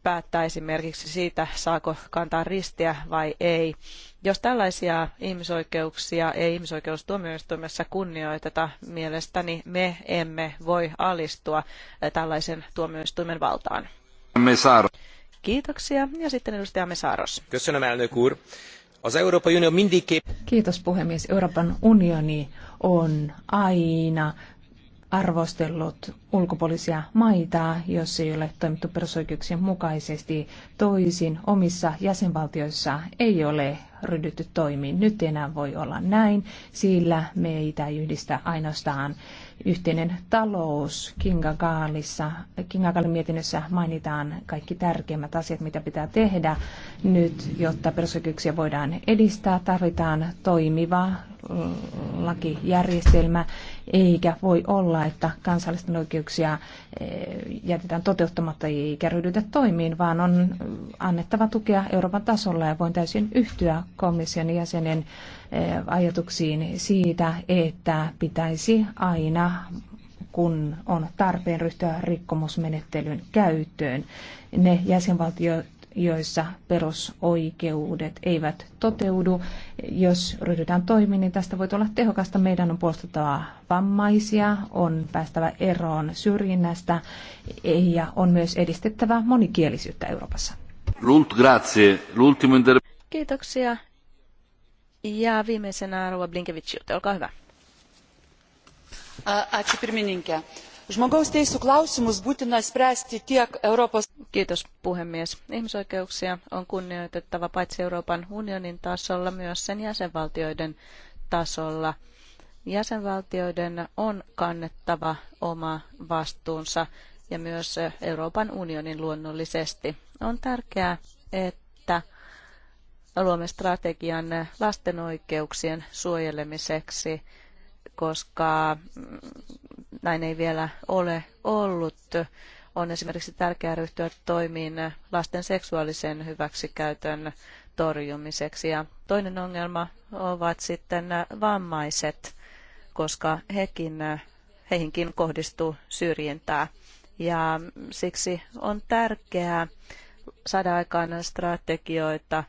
päättää esimerkiksi siitä, saako kantaa ristiä vai ei. Jos tällaisia ihmisoikeuksia ei ihmisoikeustuomioistuimessa kunnioiteta, mielestäni me emme voi alistua äh, tällaisen tuomioistuimen valtaan. Kiitoksia. Ja sitten edustaja Mesaros. Kiitos puhemies. Euroopan unioni on aina arvostellut ulkopuolisia maita, jos ei ole toimittu perusoikeuksien mukaisesti. Toisin omissa jäsenvaltioissa ei ole ryhdytty toimiin. Nyt ei enää voi olla näin, sillä meitä yhdistä ainoastaan yhteinen talous. Kingagaalissa, Kingagaalin mietinnössä mainitaan kaikki tärkeimmät asiat, mitä pitää tehdä nyt, jotta perusoikeuksia voidaan edistää. Tarvitaan toimiva mm, lakijärjestelmä, eikä voi olla, että kansallisten oikeuksia eh, jätetään toteuttamatta eikä ryhdytä toimiin, vaan on eh, annettava tukea Euroopan tasolla ja voin täysin yhtyä komission jäsenen eh, ajatuksiin siitä, että pitäisi aina kun on tarpeen ryhtyä rikkomusmenettelyn käyttöön. Ne jäsenvaltiot, joissa perusoikeudet eivät toteudu. Jos ryhdytään toimiin, niin tästä voi olla tehokasta. Meidän on puolustettava vammaisia, on päästävä eroon syrjinnästä ja on myös edistettävä monikielisyyttä Euroopassa. Kiitoksia. Ja viimeisenä Rova Blinkevičiūtė, olkaa hyvä. Ačiū pirmininkė. Žmogaus teisių klausimus būtina spręsti tiek Europos... Kiitos puhemies. Ihmisoikeuksia on kunnioitettava paitsi Euroopan unionin tasolla myös sen jäsenvaltioiden tasolla. Jäsenvaltioiden on kannettava oma vastuunsa ja myös Euroopan unionin luonnollisesti. On tärkeää, että luomme strategian lasten oikeuksien suojelemiseksi, koska näin ei vielä ole ollut. On esimerkiksi tärkeää ryhtyä toimiin lasten seksuaalisen hyväksikäytön torjumiseksi. Ja toinen ongelma ovat sitten vammaiset, koska hekin, heihinkin kohdistuu syrjintää. Ja siksi on tärkeää saada aikaan strategioita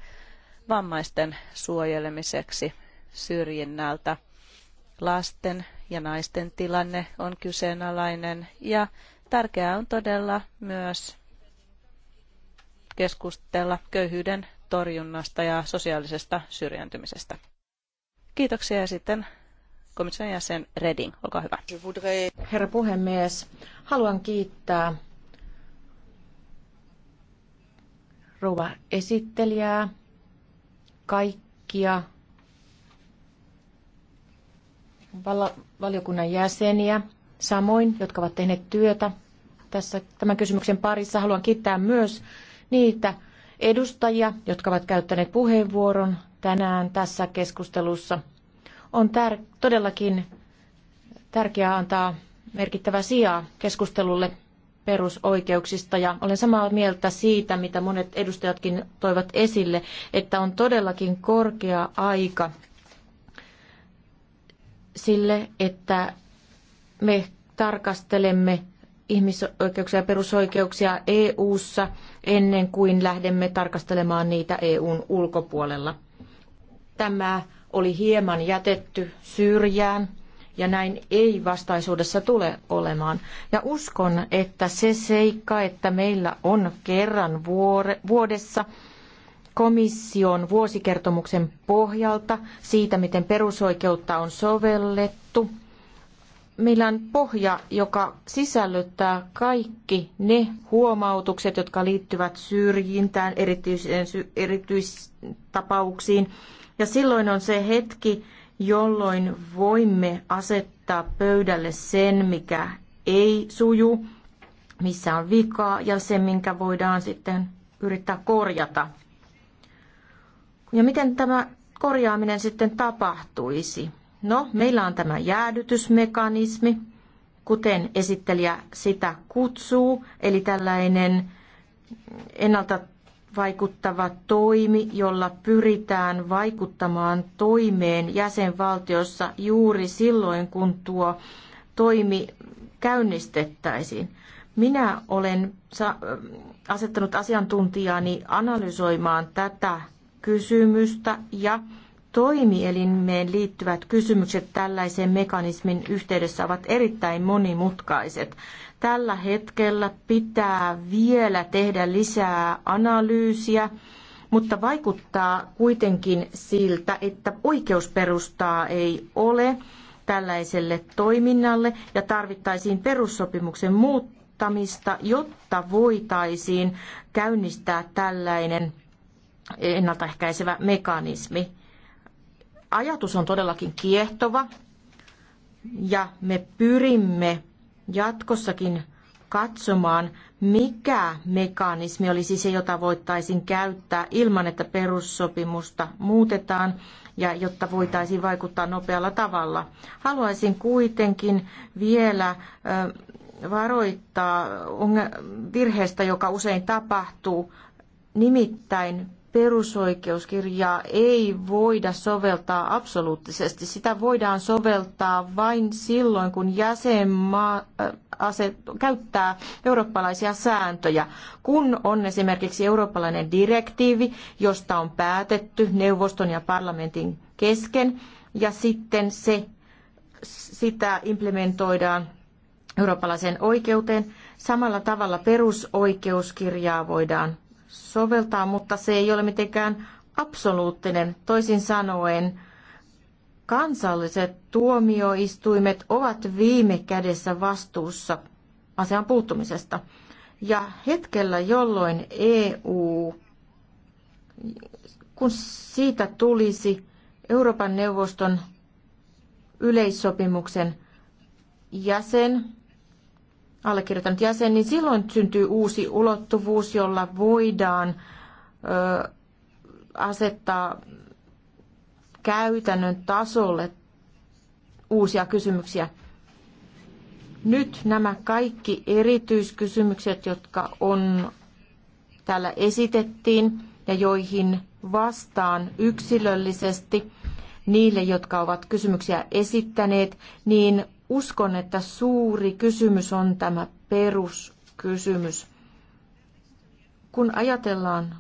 vammaisten suojelemiseksi syrjinnältä. Lasten ja naisten tilanne on kyseenalainen. Ja tärkeää on todella myös keskustella köyhyyden torjunnasta ja sosiaalisesta syrjäytymisestä. Kiitoksia ja sitten komission jäsen Reding, olkaa hyvä. Herra puhemies, haluan kiittää rouva esittelijää, kaikkia valiokunnan jäseniä, samoin, jotka ovat tehneet työtä tässä tämän kysymyksen parissa. Haluan kiittää myös niitä edustajia, jotka ovat käyttäneet puheenvuoron tänään tässä keskustelussa. On tär- todellakin tärkeää antaa merkittävä sijaa keskustelulle perusoikeuksista ja olen samaa mieltä siitä, mitä monet edustajatkin toivat esille, että on todellakin korkea aika sille, että me tarkastelemme ihmisoikeuksia ja perusoikeuksia EU:ssa ennen kuin lähdemme tarkastelemaan niitä EUn ulkopuolella. Tämä oli hieman jätetty syrjään ja näin ei vastaisuudessa tule olemaan. Ja uskon, että se seikka, että meillä on kerran vuodessa komission vuosikertomuksen pohjalta siitä, miten perusoikeutta on sovellettu. Meillä on pohja, joka sisällyttää kaikki ne huomautukset, jotka liittyvät syrjintään, erityistapauksiin. Ja silloin on se hetki, jolloin voimme asettaa pöydälle sen, mikä ei suju, missä on vikaa ja se, minkä voidaan sitten yrittää korjata. Ja miten tämä korjaaminen sitten tapahtuisi? No, meillä on tämä jäädytysmekanismi, kuten esittelijä sitä kutsuu, eli tällainen ennalta vaikuttava toimi, jolla pyritään vaikuttamaan toimeen jäsenvaltiossa juuri silloin, kun tuo toimi käynnistettäisiin. Minä olen asettanut asiantuntijani analysoimaan tätä kysymystä ja toimielimeen liittyvät kysymykset tällaisen mekanismin yhteydessä ovat erittäin monimutkaiset. Tällä hetkellä pitää vielä tehdä lisää analyysiä, mutta vaikuttaa kuitenkin siltä, että oikeusperustaa ei ole tällaiselle toiminnalle ja tarvittaisiin perussopimuksen muuttamista, jotta voitaisiin käynnistää tällainen ennaltaehkäisevä mekanismi. Ajatus on todellakin kiehtova ja me pyrimme jatkossakin katsomaan, mikä mekanismi olisi se, jota voitaisiin käyttää ilman, että perussopimusta muutetaan ja jotta voitaisiin vaikuttaa nopealla tavalla. Haluaisin kuitenkin vielä varoittaa virheestä, joka usein tapahtuu, nimittäin perusoikeuskirjaa ei voida soveltaa absoluuttisesti. Sitä voidaan soveltaa vain silloin, kun jäsenmaa äh, aset, käyttää eurooppalaisia sääntöjä. Kun on esimerkiksi eurooppalainen direktiivi, josta on päätetty neuvoston ja parlamentin kesken, ja sitten se, sitä implementoidaan eurooppalaiseen oikeuteen, samalla tavalla perusoikeuskirjaa voidaan soveltaa, mutta se ei ole mitenkään absoluuttinen. Toisin sanoen, kansalliset tuomioistuimet ovat viime kädessä vastuussa asian puuttumisesta. Ja hetkellä, jolloin EU, kun siitä tulisi Euroopan neuvoston yleissopimuksen jäsen, allekirjoittanut jäsen, niin silloin syntyy uusi ulottuvuus, jolla voidaan ö, asettaa käytännön tasolle uusia kysymyksiä. Nyt nämä kaikki erityiskysymykset, jotka on täällä esitettiin ja joihin vastaan yksilöllisesti niille, jotka ovat kysymyksiä esittäneet, niin Uskon, että suuri kysymys on tämä peruskysymys. Kun ajatellaan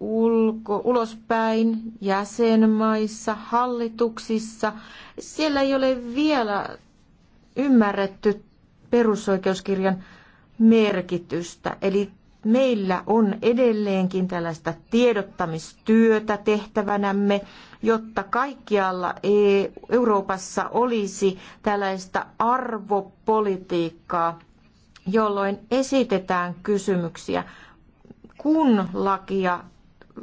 ulko, ulospäin jäsenmaissa, hallituksissa, siellä ei ole vielä ymmärretty perusoikeuskirjan merkitystä. Eli Meillä on edelleenkin tällaista tiedottamistyötä tehtävänämme, jotta kaikkialla e- Euroopassa olisi tällaista arvopolitiikkaa, jolloin esitetään kysymyksiä, kun lakia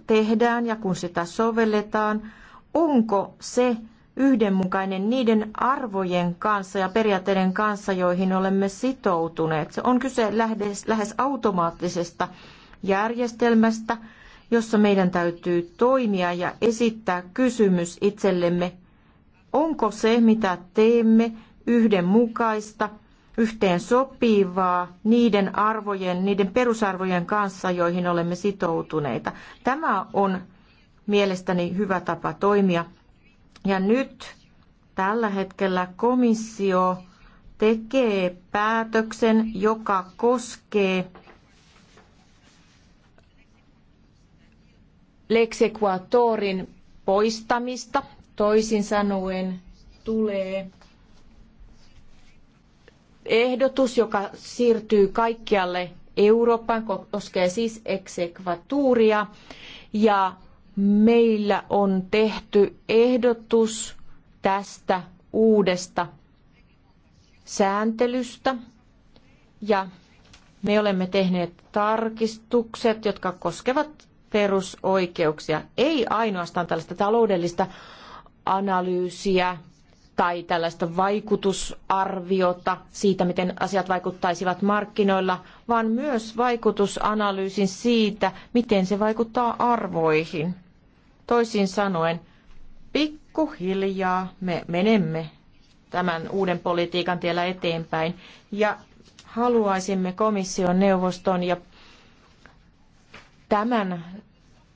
tehdään ja kun sitä sovelletaan, onko se yhdenmukainen niiden arvojen kanssa ja periaatteiden kanssa, joihin olemme sitoutuneet. Se on kyse lähes, lähes automaattisesta järjestelmästä, jossa meidän täytyy toimia ja esittää kysymys itsellemme, onko se, mitä teemme, yhdenmukaista, yhteen sopivaa niiden arvojen, niiden perusarvojen kanssa, joihin olemme sitoutuneita. Tämä on mielestäni hyvä tapa toimia ja nyt tällä hetkellä komissio tekee päätöksen, joka koskee leksekuatorin poistamista. Toisin sanoen tulee ehdotus, joka siirtyy kaikkialle Euroopan, koskee siis eksekvatuuria. Ja meillä on tehty ehdotus tästä uudesta sääntelystä ja me olemme tehneet tarkistukset, jotka koskevat perusoikeuksia, ei ainoastaan tällaista taloudellista analyysiä tai tällaista vaikutusarviota siitä, miten asiat vaikuttaisivat markkinoilla, vaan myös vaikutusanalyysin siitä, miten se vaikuttaa arvoihin. Toisin sanoen, pikkuhiljaa me menemme tämän uuden politiikan tiellä eteenpäin ja haluaisimme komission neuvoston ja tämän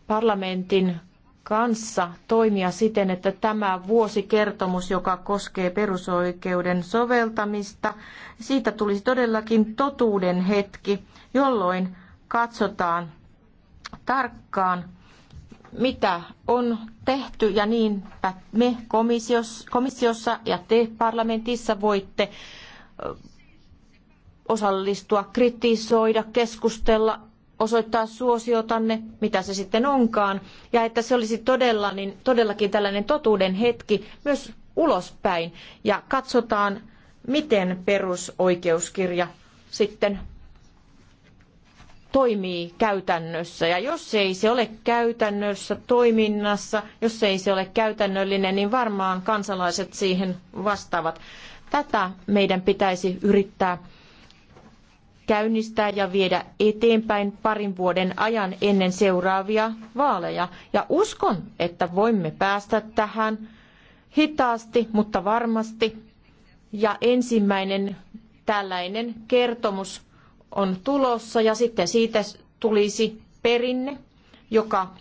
parlamentin kanssa toimia siten, että tämä vuosikertomus, joka koskee perusoikeuden soveltamista, siitä tulisi todellakin totuuden hetki, jolloin katsotaan tarkkaan, mitä on tehty ja niinpä me komissiossa ja te parlamentissa voitte osallistua, kritisoida, keskustella, osoittaa suosiotanne, mitä se sitten onkaan, ja että se olisi todella, niin, todellakin tällainen totuuden hetki myös ulospäin, ja katsotaan, miten perusoikeuskirja sitten toimii käytännössä. Ja jos ei se ole käytännössä toiminnassa, jos ei se ole käytännöllinen, niin varmaan kansalaiset siihen vastaavat. Tätä meidän pitäisi yrittää käynnistää ja viedä eteenpäin parin vuoden ajan ennen seuraavia vaaleja. Ja uskon, että voimme päästä tähän hitaasti, mutta varmasti. Ja ensimmäinen tällainen kertomus on tulossa ja sitten siitä tulisi perinne, joka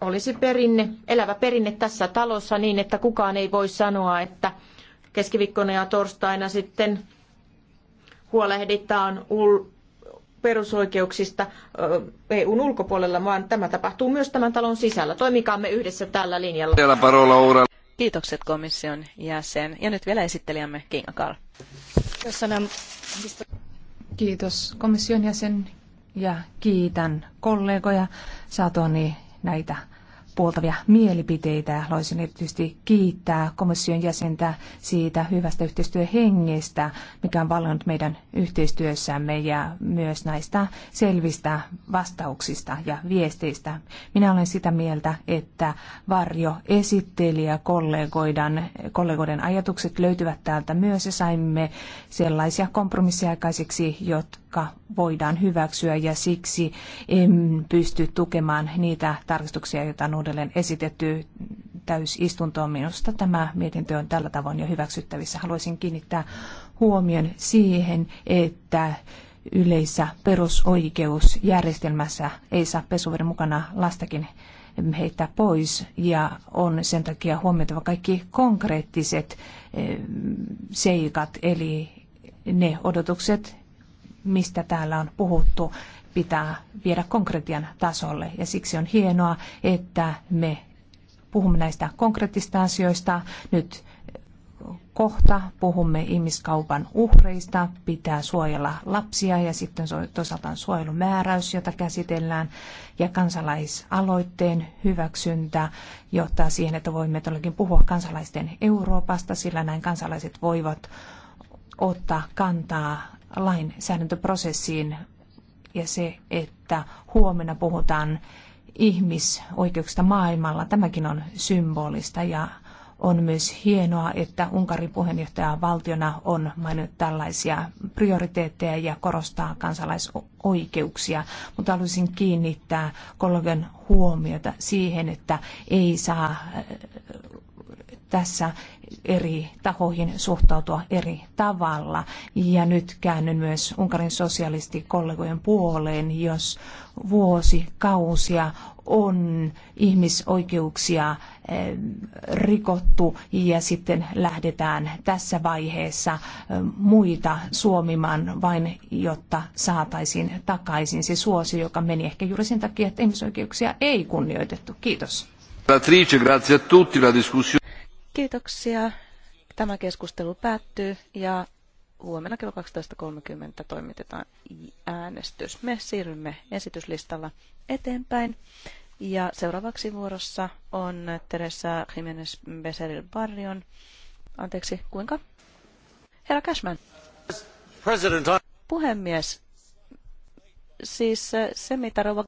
olisi perinne, elävä perinne tässä talossa niin, että kukaan ei voi sanoa, että keskiviikkona ja torstaina sitten huolehditaan ul- perusoikeuksista EUn ulkopuolella, vaan tämä tapahtuu myös tämän talon sisällä. Toimikaamme yhdessä tällä linjalla. Kiitokset komission jäsen. Ja nyt vielä esittelijämme Kinga Karl. Kiitos komission jäsen ja kiitän kollegoja saatuani näitä puoltavia mielipiteitä. Haluaisin erityisesti kiittää komission jäsentä siitä hyvästä yhteistyöhengestä, mikä on valinnut meidän yhteistyössämme ja myös näistä selvistä vastauksista ja viesteistä. Minä olen sitä mieltä, että varjo ja kollegoiden, kollegoiden ajatukset löytyvät täältä myös ja saimme sellaisia kompromisseja aikaiseksi, jotka voidaan hyväksyä ja siksi en pysty tukemaan niitä tarkistuksia, joita uudelleen esitetty täysistuntoon. Minusta tämä mietintö on tällä tavoin jo hyväksyttävissä. Haluaisin kiinnittää huomion siihen, että yleisessä perusoikeusjärjestelmässä ei saa pesuveden mukana lastakin heittää pois ja on sen takia huomioitava kaikki konkreettiset eh, seikat, eli ne odotukset, mistä täällä on puhuttu, pitää viedä konkretian tasolle. Ja siksi on hienoa, että me puhumme näistä konkreettista asioista. Nyt kohta puhumme ihmiskaupan uhreista, pitää suojella lapsia ja sitten toisaalta on suojelumääräys, jota käsitellään ja kansalaisaloitteen hyväksyntä johtaa siihen, että voimme todellakin puhua kansalaisten Euroopasta, sillä näin kansalaiset voivat ottaa kantaa lainsäädäntöprosessiin ja se, että huomenna puhutaan ihmisoikeuksista maailmalla, tämäkin on symbolista ja on myös hienoa, että Unkarin puheenjohtaja valtiona on maininnut tällaisia prioriteetteja ja korostaa kansalaisoikeuksia, mutta haluaisin kiinnittää kollegan huomiota siihen, että ei saa tässä eri tahoihin suhtautua eri tavalla. Ja nyt käännyn myös Unkarin sosialistikollegojen puoleen, jos vuosikausia on ihmisoikeuksia eh, rikottu ja sitten lähdetään tässä vaiheessa eh, muita suomimaan vain, jotta saataisiin takaisin se suosi, joka meni ehkä juuri sen takia, että ihmisoikeuksia ei kunnioitettu. Kiitos. Grazie a tutti la discussione. Kiitoksia. Tämä keskustelu päättyy ja huomenna kello 12.30 toimitetaan äänestys. Me siirrymme esityslistalla eteenpäin. Ja seuraavaksi vuorossa on Teresa Jiménez Becerril Barrion. Anteeksi, kuinka? Herra Cashman. President, I... Puhemies, siis se mitä rouva